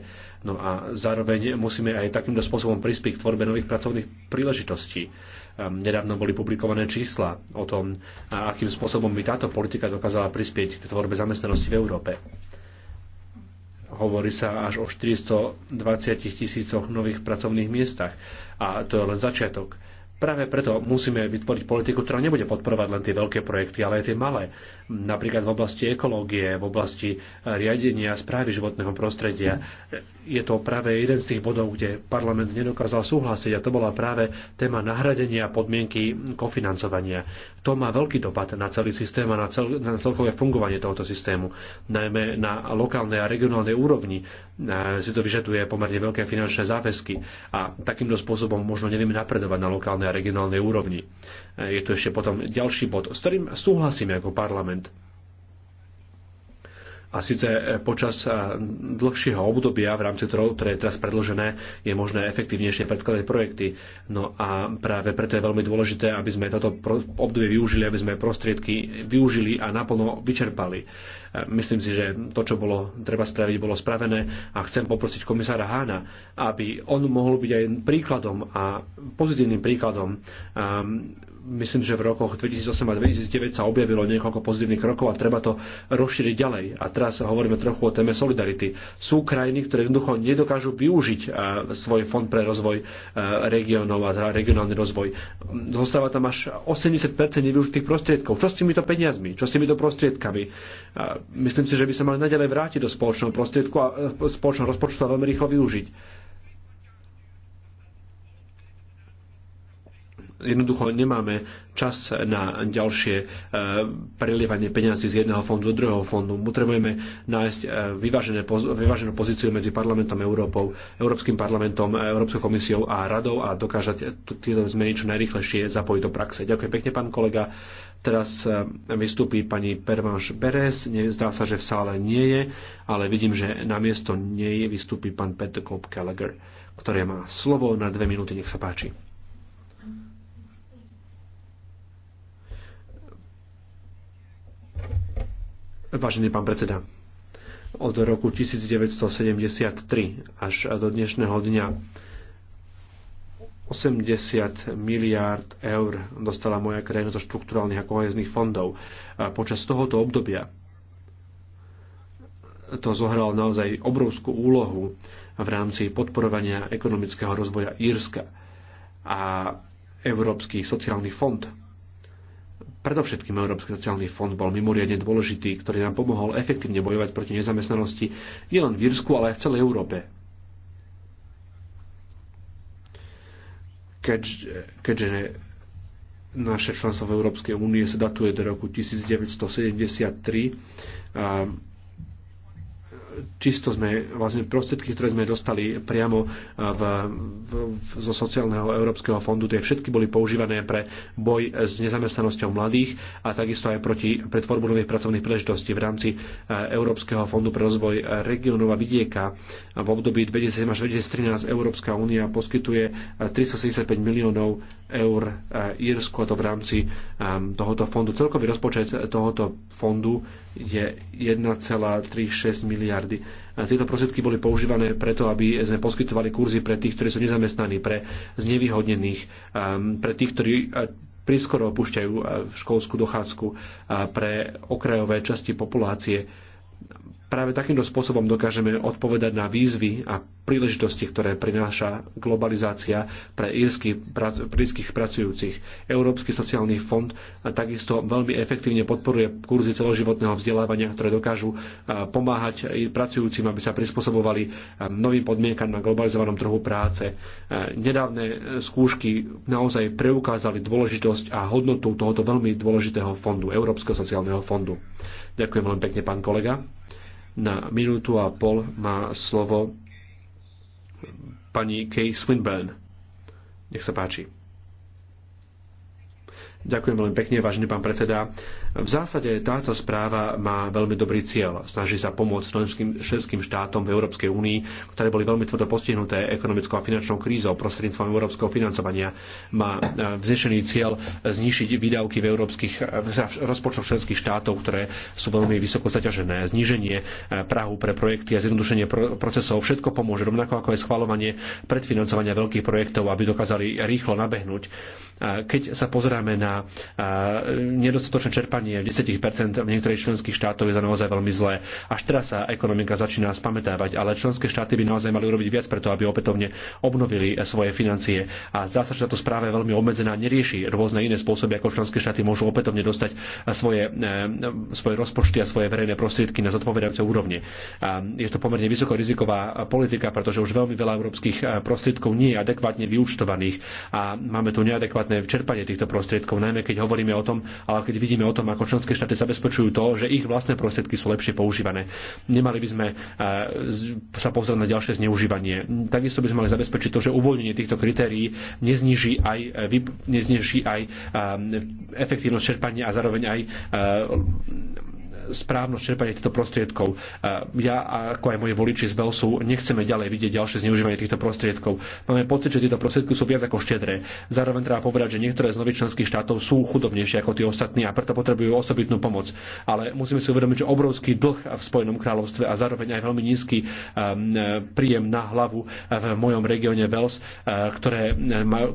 No a zároveň musíme aj takýmto spôsobom prispieť k tvorbe nových pracovných príležitostí. Ehm, nedávno boli publikované čísla o tom, akým spôsobom by táto politika dokázala prispieť k tvorbe zamestnanosti v Európe. Hovorí sa až o 420 tisícoch nových pracovných miestach. A to je len začiatok. Práve preto musíme vytvoriť politiku, ktorá nebude podporovať len tie veľké projekty, ale aj tie malé. Napríklad v oblasti ekológie, v oblasti riadenia správy životného prostredia. Je to práve jeden z tých bodov, kde parlament nedokázal súhlasiť a to bola práve téma nahradenia podmienky kofinancovania to má veľký dopad na celý systém a na, cel, na celkové fungovanie tohoto systému. Najmä na lokálnej a regionálnej úrovni e, si to vyžaduje pomerne veľké finančné záväzky a takýmto spôsobom možno nevieme napredovať na lokálnej a regionálnej úrovni. E, je tu ešte potom ďalší bod, s ktorým súhlasíme ako parlament a síce e, počas e, dlhšieho obdobia, v rámci ktorého, ktoré je teraz predložené, je možné efektívnejšie predkladať projekty. No a práve preto je veľmi dôležité, aby sme toto obdobie využili, aby sme prostriedky využili a naplno vyčerpali. E, myslím si, že to, čo bolo treba spraviť, bolo spravené a chcem poprosiť komisára Hána, aby on mohol byť aj príkladom a pozitívnym príkladom myslím, že v rokoch 2008 a 2009 sa objavilo niekoľko pozitívnych krokov a treba to rozšíriť ďalej. A teraz hovoríme trochu o téme solidarity. Sú krajiny, ktoré jednoducho nedokážu využiť e, svoj fond pre rozvoj e, regiónov a teda regionálny rozvoj. Zostáva tam až 80% nevyužitých prostriedkov. Čo s týmito peniazmi? Čo s týmito prostriedkami? E, myslím si, že by sa mali naďalej vrátiť do spoločného prostriedku a spoločného rozpočtu a veľmi rýchlo využiť jednoducho nemáme čas na ďalšie e, prelievanie peňazí z jedného fondu do druhého fondu. Potrebujeme nájsť e, vyváženú pozíciu medzi parlamentom Európou, Európskym parlamentom, e, Európskou komisiou a radou a dokážať tieto zmeny čo najrychlejšie zapojiť do praxe. Ďakujem pekne, pán kolega. Teraz vystúpi pani Pervanš Beres. Zdá sa, že v sále nie je, ale vidím, že na miesto nej vystúpi pán Peter Kopp Gallagher, ktorý má slovo na dve minúty. Nech sa páči. Vážený pán predseda, od roku 1973 až do dnešného dňa 80 miliárd eur dostala moja krajina zo štrukturálnych a kohezných fondov. A počas tohoto obdobia to zohralo naozaj obrovskú úlohu v rámci podporovania ekonomického rozvoja Írska a Európsky sociálny fond Predovšetkým Európsky sociálny fond bol mimoriadne dôležitý, ktorý nám pomohol efektívne bojovať proti nezamestnanosti nielen v Írsku, ale aj v celej Európe. Keď, keďže naše členstvo v Európskej únie sa datuje do roku 1973, čisto sme vlastne prostriedky, ktoré sme dostali priamo e, v, v, zo sociálneho európskeho fondu, tie všetky boli používané pre boj s nezamestnanosťou mladých a takisto aj proti pretvorbu nových pracovných príležitostí v rámci e, Európskeho fondu pre rozvoj regionov a vidieka. V období 2007 až 2013 Európska únia poskytuje 375 e, miliónov eur. E, Írsko to v rámci e, tohoto fondu. Celkový rozpočet tohoto fondu je 1,36 miliardy. Tieto prostriedky boli používané preto, aby sme poskytovali kurzy pre tých, ktorí sú nezamestnaní, pre znevýhodnených, ehm, pre tých, ktorí e, priskoro opúšťajú školskú dochádzku, pre okrajové časti populácie Práve takýmto spôsobom dokážeme odpovedať na výzvy a príležitosti, ktoré prináša globalizácia pre írskych prac, pracujúcich. Európsky sociálny fond takisto veľmi efektívne podporuje kurzy celoživotného vzdelávania, ktoré dokážu pomáhať pracujúcim, aby sa prispôsobovali novým podmienkam na globalizovanom trhu práce. Nedávne skúšky naozaj preukázali dôležitosť a hodnotu tohoto veľmi dôležitého fondu, Európskeho sociálneho fondu. Ďakujem veľmi pekne, pán kolega. Na minútu a pol má slovo pani Kay Swinburne. Nech sa páči. Ďakujem veľmi pekne, vážený pán predseda. V zásade táto správa má veľmi dobrý cieľ. Snaží sa pomôcť členským, členským štátom v Európskej únii, ktoré boli veľmi tvrdo postihnuté ekonomickou a finančnou krízou prostredníctvom európskeho financovania. Má e, vznešený cieľ znišiť výdavky v európskych rozpočtoch členských štátov, ktoré sú veľmi vysoko zaťažené. Zníženie e, Prahu pre projekty a zjednodušenie procesov všetko pomôže, rovnako ako aj schvalovanie predfinancovania veľkých projektov, aby dokázali rýchlo nabehnúť. E, keď sa pozeráme na nedostatočné čerpanie v 10% v niektorých členských štátoch je to naozaj veľmi zlé. Až teraz sa ekonomika začína spametávať, ale členské štáty by naozaj mali urobiť viac preto, aby opätovne obnovili svoje financie. A zdá sa, že táto správa je veľmi obmedzená, nerieši rôzne iné spôsoby, ako členské štáty môžu opätovne dostať eh, svoje, eh, svoje rozpočty a svoje verejné prostriedky na zodpovedajúce úrovne. A je to pomerne vysokoriziková politika, pretože už veľmi veľa európskych eh, prostriedkov nie je adekvátne vyúčtovaných a máme tu neadekvátne čerpanie týchto prostriedkov, najmä keď hovoríme o tom, ale keď vidíme o tom, ako členské štáty zabezpečujú to, že ich vlastné prostriedky sú lepšie používané. Nemali by sme e, sa pozrieť na ďalšie zneužívanie. Takisto by sme mali zabezpečiť to, že uvoľnenie týchto kritérií nezniží aj, e, nezniží aj e, efektívnosť čerpania a zároveň aj správnosť čerpania týchto prostriedkov. Ja ako aj moji voliči z Velsu nechceme ďalej vidieť ďalšie zneužívanie týchto prostriedkov. Máme pocit, že tieto prostriedky sú viac ako štedré. Zároveň treba povedať, že niektoré z nových členských štátov sú chudobnejšie ako tie ostatní a preto potrebujú osobitnú pomoc. Ale musíme si uvedomiť, že obrovský dlh v Spojenom kráľovstve a zároveň aj veľmi nízky um, príjem na hlavu v mojom regióne Wales, uh, ktoré,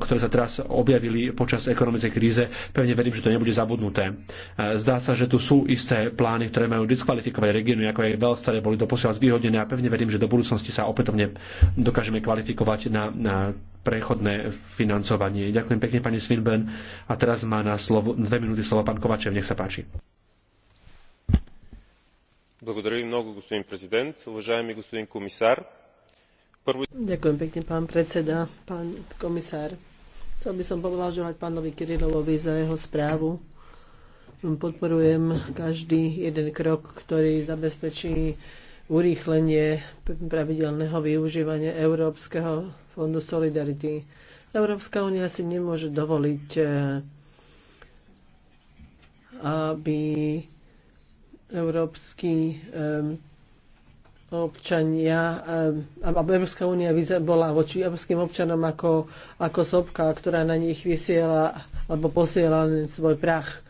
ktoré sa teraz objavili počas ekonomickej kríze, pevne verím, že to nebude zabudnuté. Uh, zdá sa, že tu sú isté plány regióny, ktoré majú diskvalifikovať regióny, ako aj Wales, boli doposiaľ zvýhodnené a pevne verím, že do budúcnosti sa opätovne dokážeme kvalifikovať na, na prechodné financovanie. Ďakujem pekne, pani Svinben. A teraz má na slovo, dve minúty slovo pán Kovačev. Nech sa páči. Prvú... Ďakujem pekne, pán predseda, pán komisár. Chcel by som poblahoželať pánovi Kirilovovi za jeho správu podporujem každý jeden krok, ktorý zabezpečí urýchlenie pravidelného využívania Európskeho fondu Solidarity. Európska únia si nemôže dovoliť, e, aby európsky e, občania, e, aby Európska únia bola voči európskym občanom ako, ako sopka, ktorá na nich vysiela alebo posiela svoj prach.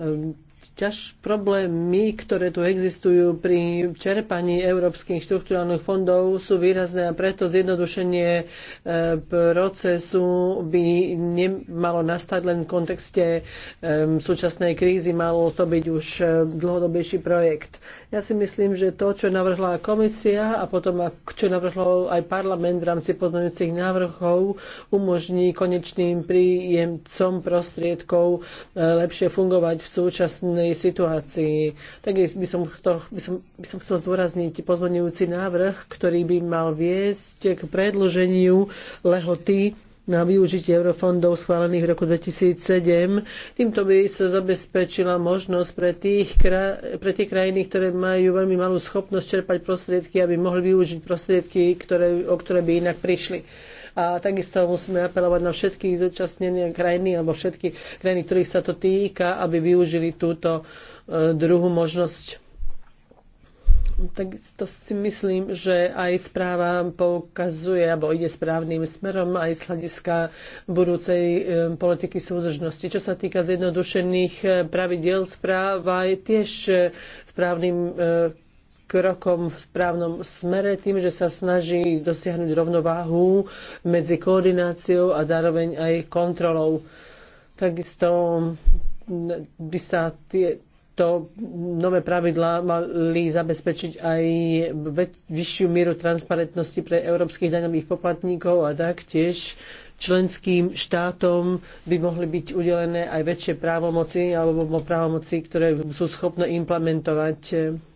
Ehm, ťaž problémy, ktoré tu existujú pri čerpaní európskych štruktúrálnych fondov sú výrazné a preto zjednodušenie ehm, procesu by nemalo nastať len v kontexte ehm, súčasnej krízy, malo to byť už dlhodobejší projekt. Ja si myslím, že to, čo navrhla komisia a potom čo navrhlo aj parlament v rámci poznajúcich návrhov, umožní konečným príjemcom prostriedkov e, lepšie fungovať v súčasnej situácii. Tak by som, to, by som, by som chcel zdôrazniť pozmeňujúci návrh, ktorý by mal viesť k predloženiu lehoty na využitie eurofondov schválených v roku 2007. Týmto by sa zabezpečila možnosť pre, tých kraj, pre tie krajiny, ktoré majú veľmi malú schopnosť čerpať prostriedky, aby mohli využiť prostriedky, ktoré, o ktoré by inak prišli. A takisto musíme apelovať na všetky zúčastnené krajiny alebo všetky krajiny, ktorých sa to týka, aby využili túto e, druhú možnosť takisto si myslím, že aj správa poukazuje, alebo ide správnym smerom aj z hľadiska budúcej politiky súdržnosti. Čo sa týka zjednodušených eh, pravidel, správa je tiež eh, správnym eh, krokom v správnom smere tým, že sa snaží dosiahnuť rovnováhu medzi koordináciou a zároveň aj kontrolou. Takisto by sa tie to nové pravidlá mali zabezpečiť aj vyššiu mieru transparentnosti pre európskych daňových poplatníkov a taktiež členským štátom by mohli byť udelené aj väčšie právomoci alebo právomoci, ktoré sú schopné implementovať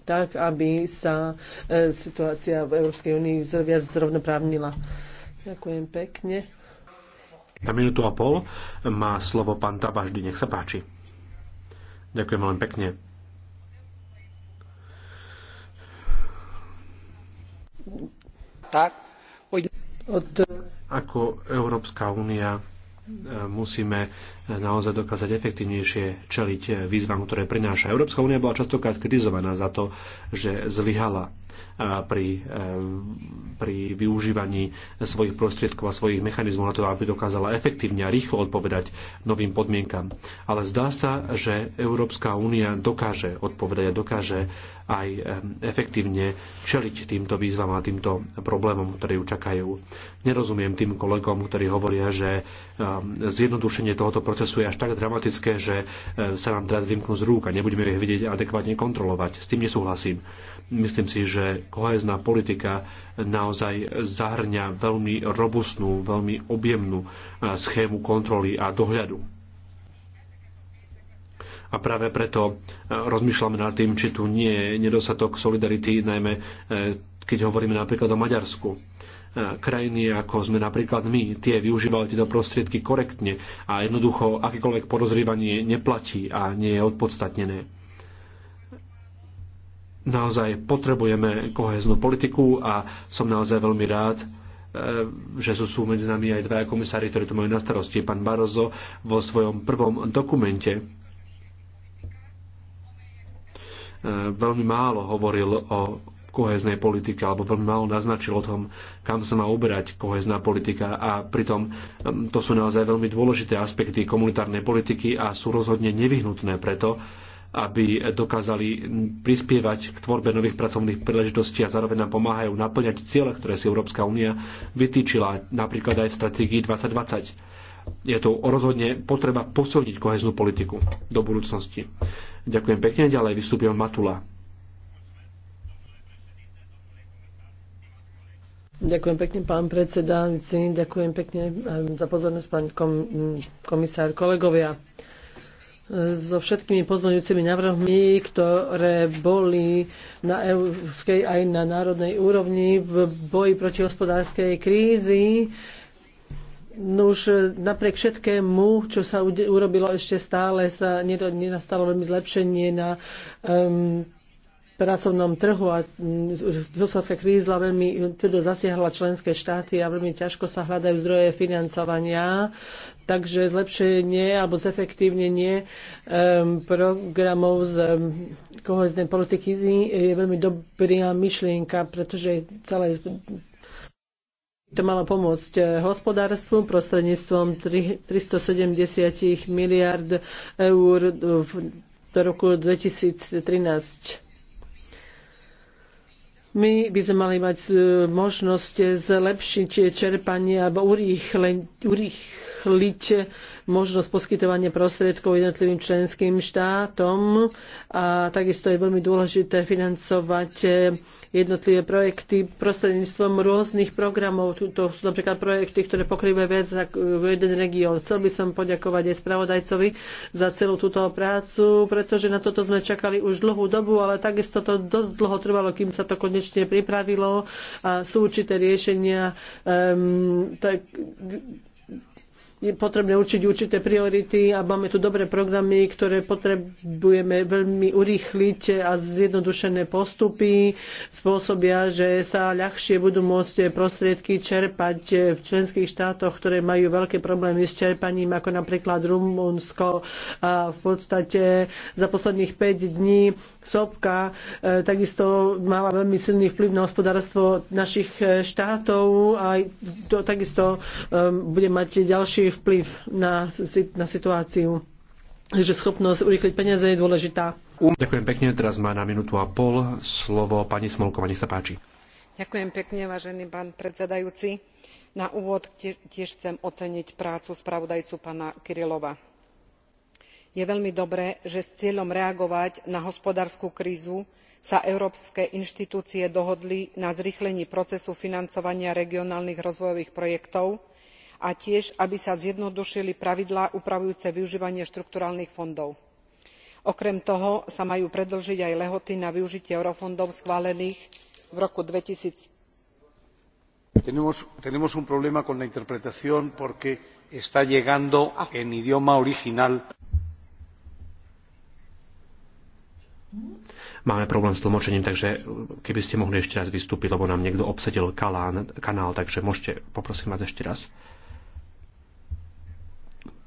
tak, aby sa e, situácia v Európskej únii viac zrovnoprávnila. Ďakujem pekne. Na minútu a pol má slovo pán Tabaždy. Nech sa páči. Ďakujem veľmi pekne. Ako Európska únia e, musíme e, naozaj dokázať efektívnejšie čeliť e, výzvam, ktoré prináša. Európska únia bola častokrát kritizovaná za to, že zlyhala pri, e, pri využívaní svojich prostriedkov a svojich mechanizmov na to, aby dokázala efektívne a rýchlo odpovedať novým podmienkam. Ale zdá sa, že Európska únia dokáže odpovedať a dokáže aj efektívne čeliť týmto výzvam a týmto problémom, ktoré ju čakajú. Nerozumiem tým kolegom, ktorí hovoria, že zjednodušenie tohoto procesu je až tak dramatické, že sa nám teraz vymknú z rúk a nebudeme ich vidieť adekvátne kontrolovať. S tým nesúhlasím. Myslím si, že kohezná politika naozaj zahrňa veľmi robustnú, veľmi objemnú eh, schému kontroly a dohľadu a práve preto e, rozmýšľame nad tým, či tu nie je nedostatok solidarity, najmä e, keď hovoríme napríklad o Maďarsku e, krajiny, ako sme napríklad my, tie využívali tieto prostriedky korektne a jednoducho akékoľvek podozrievanie neplatí a nie je odpodstatnené. Naozaj potrebujeme koheznú politiku a som naozaj veľmi rád, že sú, sú medzi nami aj dvaja komisári, ktorí to majú na starosti. Pán Barozo vo svojom prvom dokumente veľmi málo hovoril o koheznej politike, alebo veľmi málo naznačil o tom, kam sa má uberať kohezná politika a pritom um, to sú naozaj veľmi dôležité aspekty komunitárnej politiky a sú rozhodne nevyhnutné preto, aby dokázali prispievať k tvorbe nových pracovných príležitostí a zároveň nám pomáhajú naplňať ciele, ktoré si Európska únia vytýčila napríklad aj v stratégii 2020. Je to rozhodne potreba posilniť koheznú politiku do budúcnosti. Ďakujem pekne. Ďalej vystúpil Matula. Ďakujem pekne, pán predsedajúci. Ďakujem pekne eh, za pozornosť, pán komisár, kolegovia so všetkými pozmeňujúcimi návrhmi, ktoré boli na európskej aj na národnej úrovni v boji proti hospodárskej krízi. No už napriek všetkému, čo sa urobilo ešte stále, sa nenastalo veľmi zlepšenie na um, pracovnom trhu a mm, hospodárska kríza veľmi tvrdo zasiahla členské štáty a veľmi ťažko sa hľadajú zdroje financovania. Takže zlepšenie alebo zefektívnenie um, programov z um, koheznej politiky je veľmi dobrá myšlienka, pretože celé to malo pomôcť eh, hospodárstvu prostredníctvom 370 miliard eur eh, v roku 2013. My by sme mali mať eh, možnosť zlepšiť čerpanie alebo urýchliť urýchle urýchliť možnosť poskytovania prostriedkov jednotlivým členským štátom a takisto je veľmi dôležité financovať jednotlivé projekty prostredníctvom rôznych programov. To sú napríklad projekty, ktoré pokrývajú viac v jeden región. Chcel by som poďakovať aj spravodajcovi za celú túto prácu, pretože na toto sme čakali už dlhú dobu, ale takisto to dosť dlho trvalo, kým sa to konečne pripravilo a sú určité riešenia, um, tak, je potrebné určiť určité priority a máme tu dobré programy, ktoré potrebujeme veľmi urýchliť a zjednodušené postupy spôsobia, že sa ľahšie budú môcť prostriedky čerpať v členských štátoch, ktoré majú veľké problémy s čerpaním, ako napríklad Rumunsko a v podstate za posledných 5 dní Sopka e, takisto mala veľmi silný vplyv na hospodárstvo našich e, štátov a to takisto e, bude mať ďalší vplyv na, na situáciu. Takže schopnosť urýchliť peniaze je dôležitá. Um- Ďakujem pekne, teraz má na minútu a pol slovo pani Smolkova, nech sa páči. Ďakujem pekne, vážený pán predsedajúci. Na úvod tiež chcem oceniť prácu spravodajcu pána Kirilova. Je veľmi dobré, že s cieľom reagovať na hospodársku krízu sa európske inštitúcie dohodli na zrýchlení procesu financovania regionálnych rozvojových projektov a tiež aby sa zjednodušili pravidlá upravujúce využívanie štrukturálnych fondov. okrem toho sa majú predĺžiť aj lehoty na využitie eurofondov schválených v roku. two thousand ah. Máme problém s tlmočením, takže uh, keby ste mohli ešte raz vystúpiť, lebo nám niekto obsadil kanál, takže môžete, poprosím vás ešte raz.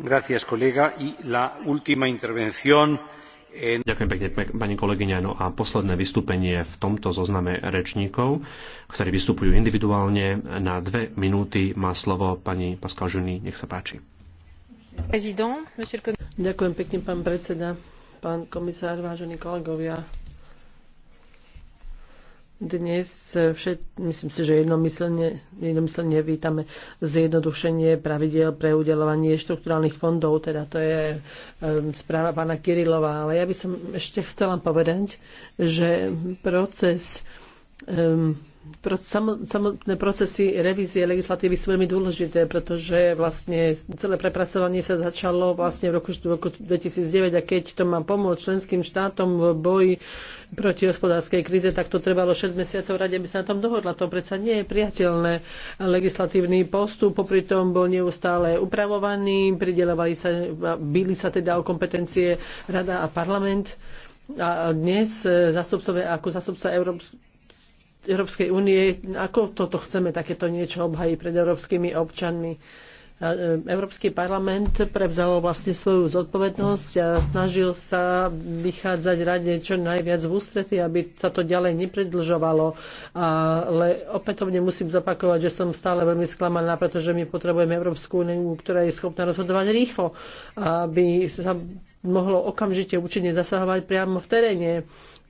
Ďakujem pekne, pani kolegyňa. No a posledné vystúpenie v tomto zozname rečníkov, ktorí vystupujú individuálne. Na dve minúty má slovo pani Pascal Žuny. Nech sa páči. Ďakujem pekne, pán predseda, pán komisár, vážení kolegovia. Dnes eh, všet, myslím si, že jednomyslne, jednomyslne vítame zjednodušenie pravidel pre udelovanie štrukturálnych fondov, teda to je um, správa pána Kirilova, ale ja by som ešte chcela povedať, že proces um, samotné procesy revízie legislatívy sú veľmi dôležité, pretože vlastne celé prepracovanie sa začalo vlastne v roku, 2009 a keď to má pomôcť členským štátom v boji proti hospodárskej kríze, tak to trvalo 6 mesiacov rade, aby sa na tom dohodla. To predsa nie je priateľné. Legislatívny postup popri tom bol neustále upravovaný, pridelovali sa, byli sa teda o kompetencie rada a parlament. A dnes eh, zastupcové, ako zastupca Európskej Európskej únie, ako toto chceme takéto niečo obhajiť pred európskymi občanmi. E, Európsky parlament prevzal vlastne svoju zodpovednosť a snažil sa vychádzať rade čo najviac v ústrety, aby sa to ďalej nepredlžovalo. Ale opätovne musím zopakovať, že som stále veľmi sklamaná, pretože my potrebujeme Európsku úniu, ktorá je schopná rozhodovať rýchlo, aby sa mohlo okamžite účinne zasahovať priamo v teréne.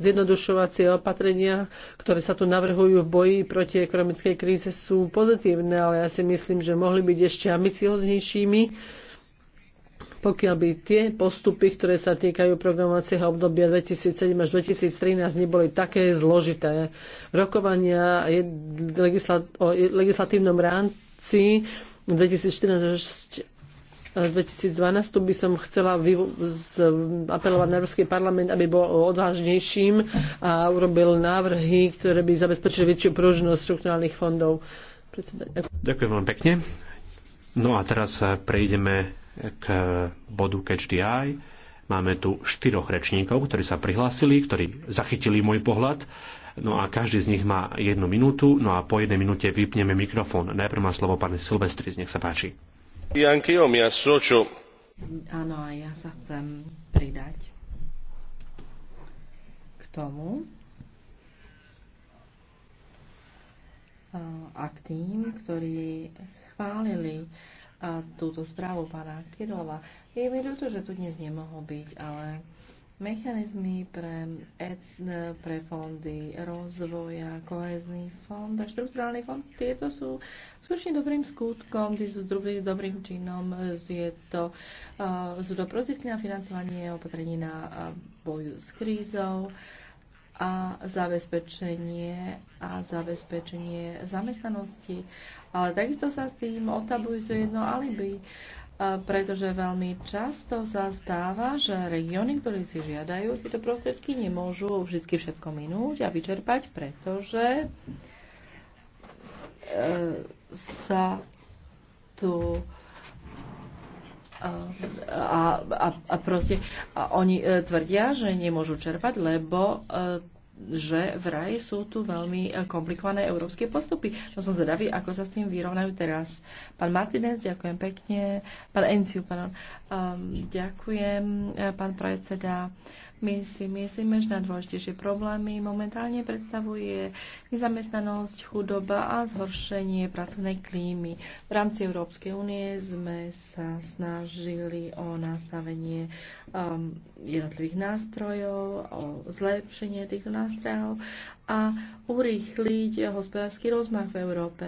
Zjednodušovacie opatrenia, ktoré sa tu navrhujú v boji proti ekonomickej kríze, sú pozitívne, ale ja si myslím, že mohli byť ešte ambicioznejšími, pokiaľ by tie postupy, ktoré sa týkajú programovacieho obdobia 2007 až 2013, neboli také zložité. Rokovania o legislatívnom rámci 2014 2012. by som chcela apelovať na Európsky parlament, aby bol odvážnejším a urobil návrhy, ktoré by zabezpečili väčšiu pružnosť strukturálnych fondov. Ďakujem veľmi pekne. No a teraz prejdeme k bodu Catch the Eye. Máme tu štyroch rečníkov, ktorí sa prihlásili, ktorí zachytili môj pohľad. No a každý z nich má jednu minútu, no a po jednej minúte vypneme mikrofón. Najprv má slovo pán Silvestris, nech sa páči. Áno, a ja sa chcem pridať k tomu a k tým, ktorí chválili túto správu pána Kirilova. Je mi ľúto, že tu dnes nemohol byť, ale mechanizmy pre, pre fondy rozvoja, kohezný fond a štrukturálny fond, tieto sú skutočne dobrým skutkom, tie sú druhým dobrým činom, je to, uh, sú to prostriedky na financovanie opatrení na uh, boju s krízou a zabezpečenie a zabezpečenie zamestnanosti. Ale takisto sa s tým otabujú jedno alibi. Uh, pretože veľmi často sa stáva, že regióny, ktorí si žiadajú tieto prostriedky, nemôžu vždy všetko minúť a vyčerpať, pretože e, sa tu a, a, a proste a oni e, tvrdia, že nemôžu čerpať, lebo e, že vraj sú tu veľmi e, komplikované európske postupy. No som zvedavý, ako sa s tým vyrovnajú teraz. Pán Martinez, ďakujem pekne. Pán Enciu, pardon. Um, ďakujem, e, pán predseda. Uh, my si myslíme, že najdôležitejšie problémy momentálne predstavuje nezamestnanosť, chudoba a zhoršenie pracovnej klímy. V rámci Európskej únie sme sa snažili o nastavenie um, jednotlivých nástrojov, o zlepšenie týchto nástrojov a urýchliť hospodársky rozmach v Európe.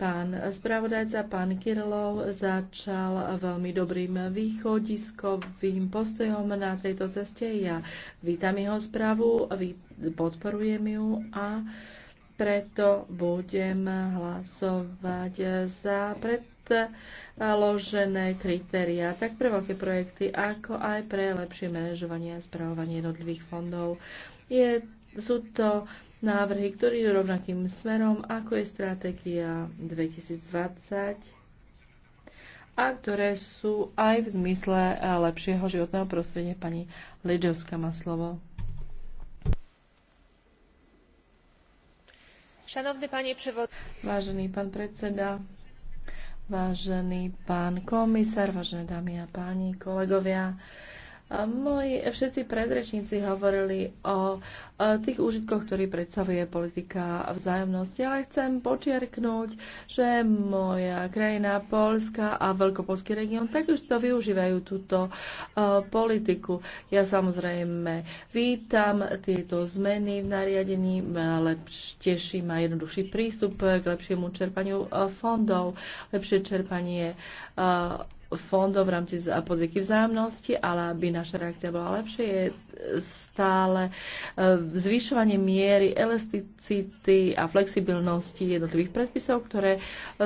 Pán spravodajca, pán Kirlov začal veľmi dobrým východiskovým postojom na tejto ceste. Ja vítam jeho správu, podporujem ju a preto budem hlasovať za predložené kritéria, tak pre veľké projekty, ako aj pre lepšie manažovanie a správovanie jednotlivých fondov. Je, sú to návrhy, ktoré idú rovnakým smerom, ako je stratégia 2020 a ktoré sú aj v zmysle eh, lepšieho životného prostredia. Pani Lidovská má slovo. Šanovný panie prevod... Vážený pán predseda, vážený pán komisár, vážené dámy a páni, kolegovia, Moji všetci predrečníci hovorili o tých úžitkoch, ktorý predstavuje politika vzájomnosti, ale chcem počiarknúť, že moja krajina Polska a Veľkopolský región takisto využívajú túto politiku. Ja samozrejme vítam tieto zmeny v nariadení, lepš, teší ma jednoduchší prístup k lepšiemu čerpaniu fondov, lepšie čerpanie fondov v rámci podvieky vzájomnosti, ale aby naša reakcia bola lepšie, je e, stále e, zvyšovanie miery elasticity a flexibilnosti jednotlivých predpisov, ktoré e,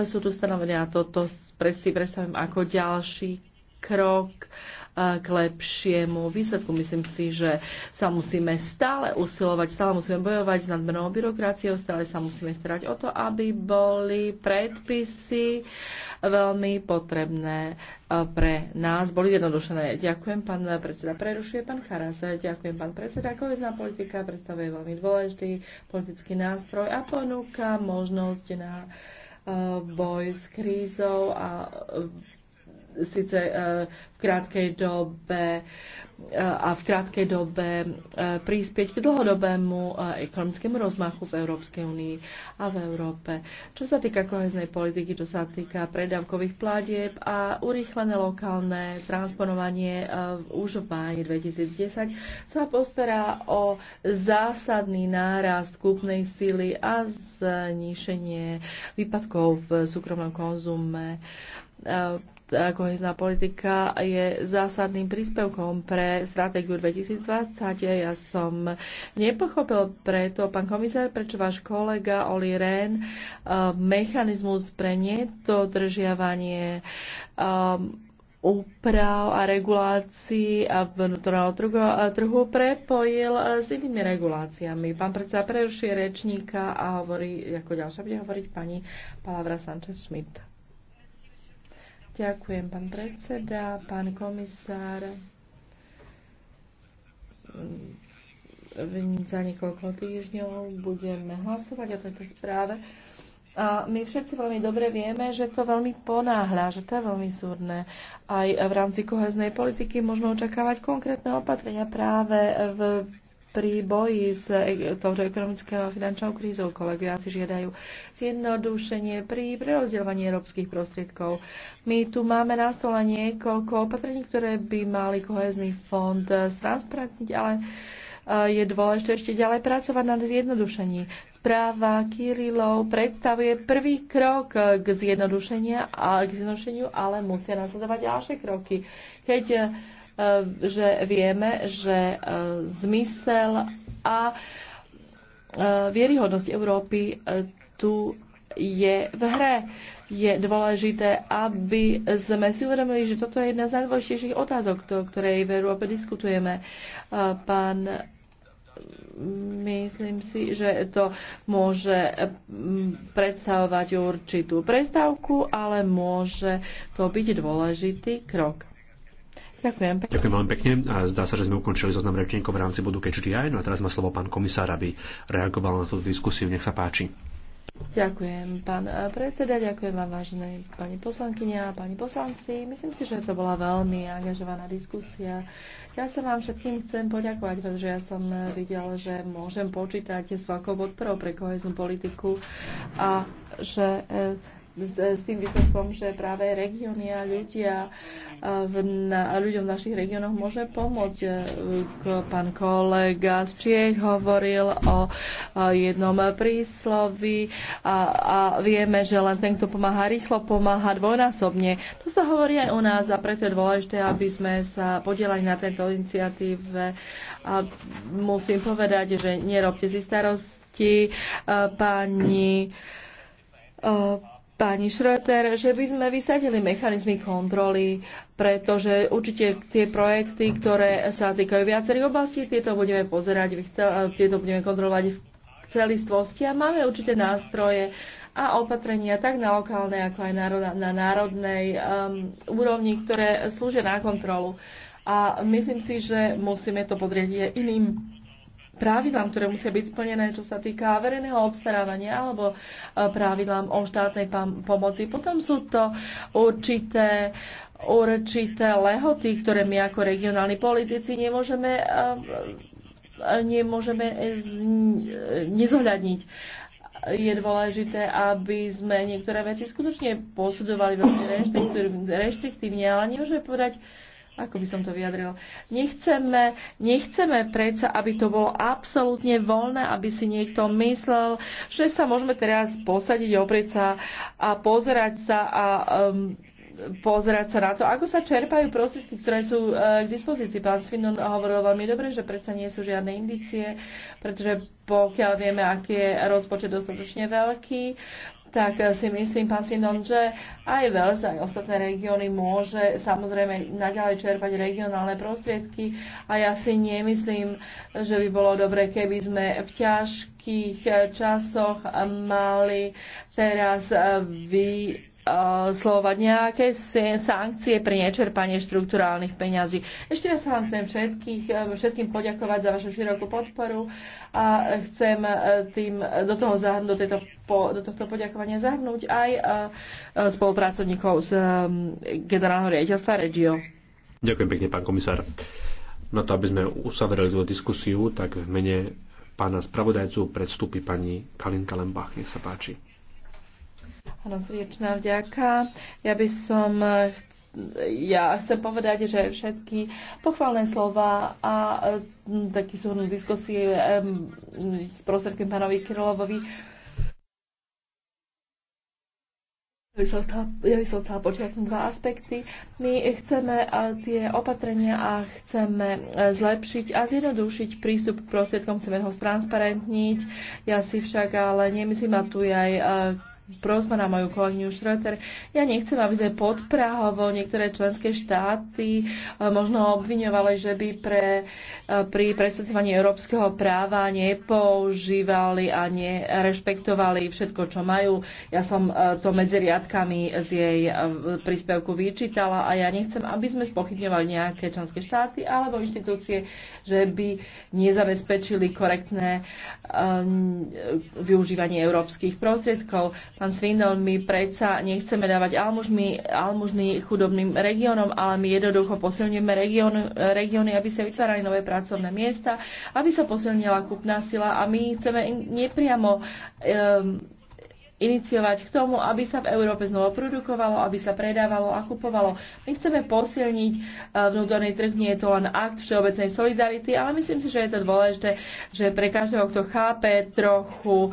sú tu stanovené a toto si predstavím ako ďalší krok k lepšiemu výsledku. Myslím si, že sa musíme stále usilovať, stále musíme bojovať s nadmernou byrokraciou, stále sa musíme starať o to, aby boli predpisy veľmi potrebné e, pre nás boli jednodušené. Ďakujem, pán predseda. Prerušuje pán Karas. Ďakujem, pán predseda. Kohezná politika predstavuje veľmi dôležitý politický nástroj a ponúka možnosť na e, boj s krízou a síce e, v krátkej dobe e, a v krátkej dobe e, prispieť k dlhodobému ekonomickému rozmachu v Európskej únii a v Európe. Čo sa týka koheznej politiky, čo sa týka predávkových platieb a urýchlené lokálne transponovanie už v máji 2010 sa postará o zásadný nárast kúpnej síly a zníšenie výpadkov v súkromnom konzume kohezná politika je zásadným príspevkom pre stratégiu 2020. Ja som nepochopil preto, pán komisár, prečo váš kolega Oli Rehn um, mechanizmus pre nedodržiavanie um, úprav a regulácií a vnútorného trhu, trhu prepojil s inými reguláciami. Pán predseda prerušuje rečníka a hovorí, ako ďalšia bude hovoriť pani Palavra Sanchez-Schmidt. Ďakujem, pán predseda, pán komisár. Za niekoľko týždňov budeme hlasovať o tejto správe. A my všetci veľmi dobre vieme, že to veľmi ponáhľa, že to je veľmi súdne. Aj v rámci koheznej politiky môžeme očakávať konkrétne opatrenia práve v pri boji s e- touto ekonomickou a finančnou krízou. Kolegovia si žiadajú zjednodušenie pri prerozdeľovaní európskych prostriedkov. My tu máme na stole niekoľko opatrení, ktoré by mali kohezný fond stransparentniť, ale e, je dôležité ešte ďalej pracovať na zjednodušení. Správa Kirillov predstavuje prvý krok k, zjednodušenia, a k zjednodušeniu, ale musia nasledovať ďalšie kroky. Keď e, E, že vieme, že e, zmysel a e, vieryhodnosť Európy tu je v hre. Je dôležité, aby sme si uvedomili, že toto je jedna z najdôležitejších otázok, o ktorej v Európe diskutujeme. Pán myslím si, že to môže predstavovať určitú prestávku, ale môže to byť dôležitý krok. Ďakujem pekne. Ďakujem veľmi pekne. A zdá sa, že sme ukončili zoznam rečníkov v rámci bodu KHDI. No a teraz má slovo pán komisár, aby reagoval na túto diskusiu. Nech sa páči. Ďakujem, pán eh, predseda, ďakujem vám, vážené pani poslankyňa a pani poslanci. Myslím si, že to bola veľmi angažovaná diskusia. Ja sa vám všetkým chcem poďakovať, pretože ja som eh, videl, že môžem počítať s vakou podporou pre koheznú politiku a že eh, s, s tým výsledkom, že práve regióny a ľudia v, na, ľuďom v našich regiónoch môže pomôcť. E, pán kolega z Čiech hovoril o jednom príslovi a, a vieme, že len ten, kto pomáha rýchlo, pomáha dvojnásobne. To sa hovorí aj u nás a preto je dôležité, aby sme sa podielali na tejto iniciatíve. A musím povedať, že nerobte si starosti, e, pani e, pani Schröter, že by sme vysadili mechanizmy kontroly, pretože určite tie projekty, ktoré sa týkajú viacerých oblastí, tieto budeme pozerať, tieto budeme kontrolovať v celistvosti a máme určite nástroje a opatrenia tak na lokálnej, ako aj na národnej um, úrovni, ktoré slúžia na kontrolu. A myslím si, že musíme to podriadiť iným pravidlám, ktoré musia byť splnené, čo sa týka verejného obstarávania alebo e, pravidlám o štátnej pomoci. Potom sú to určité určité lehoty, ktoré my ako regionálni politici nemôžeme, e, nemôžeme nezohľadniť je dôležité, aby sme niektoré veci skutočne posudovali veľmi reštriktívne, ale nemôžeme povedať ako by som to vyjadril. Nechceme, nechceme predsa, aby to bolo absolútne voľné, aby si niekto myslel, že sa môžeme teraz posadiť, oprieť sa a pozerať sa a um, pozerať sa na to, ako sa čerpajú prostriedky, ktoré sú uh, k dispozícii. Pán Svinon hovoril veľmi dobre, že predsa nie sú žiadne indície, pretože pokiaľ vieme, aký je rozpočet dostatočne veľký, tak si myslím, pán Svindon, že aj Wales, aj ostatné regióny môže samozrejme naďalej čerpať regionálne prostriedky a ja si nemyslím, že by bolo dobre, keby sme v ťažkých ťažkých eh, časoch mali teraz eh, vyslovať eh, nejaké sankcie pre nečerpanie štruktúrálnych peňazí. Ešte raz vám chcem všetkých, všetkým poďakovať za vašu širokú podporu a chcem tým do toho zahrnúť, do, tejto, do tohto poďakovania zahrnúť aj spolupracovníkov z generálneho riaditeľstva Regio. Ďakujem pekne, pán komisár. Na to, aby sme usaverili tú diskusiu, tak v mene pána spravodajcu predstúpi pani Kalinka Lembach. Nech sa páči. Áno, srdečná vďaka. Ja by som ja chcem povedať, že všetky pochválne slova a e, taký súhrn diskusie s prostredkým pánovi Kirilovovi Ja by som chcela, ja by som dva aspekty. My chceme tie opatrenia a chceme e, zlepšiť a zjednodušiť prístup k prostriedkom, chceme ho stransparentniť. Ja si však ale nemyslím, a tu je aj e, prosba na moju kolegyňu Šröter. Ja nechcem, aby sme Prahovo niektoré členské štáty e, možno obviňovali, že by pre, e, pri predstavovaní európskeho práva nepoužívali a nerešpektovali všetko, čo majú. Ja som e, to medzi riadkami z jej príspevku vyčítala a ja nechcem, aby sme spochybňovali nejaké členské štáty alebo inštitúcie, že by nezabezpečili korektné um, využívanie európskych prostriedkov Pán Svindol, my predsa nechceme dávať almužný almužny chudobným regiónom, ale my jednoducho posilňujeme regióny, aby sa vytvárali nové pracovné miesta, aby sa posilnila kupná sila a my chceme nepriamo um, iniciovať k tomu, aby sa v Európe znovu produkovalo, aby sa predávalo a kupovalo. My chceme posilniť e, vnútorný trh, nie je to len akt všeobecnej solidarity, ale myslím si, že je to dôležité, že pre každého, kto chápe trochu e,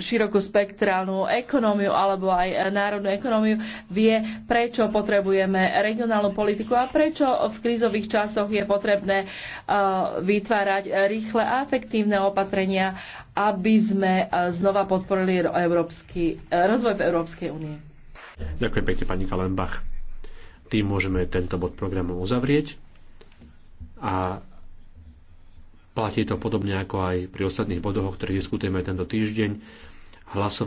širokú spektrálnu ekonómiu alebo aj e, národnú ekonómiu, vie, prečo potrebujeme regionálnu politiku a prečo v krízových časoch je potrebné vytvárať rýchle a efektívne opatrenia aby sme e, znova podporili európsky, e, rozvoj v Európskej únie. Ďakujem pekne, pani Kalembach. Tým môžeme tento bod programu uzavrieť a platí to podobne ako aj pri ostatných bodoch, ktoré diskutujeme tento týždeň. Hlasovanie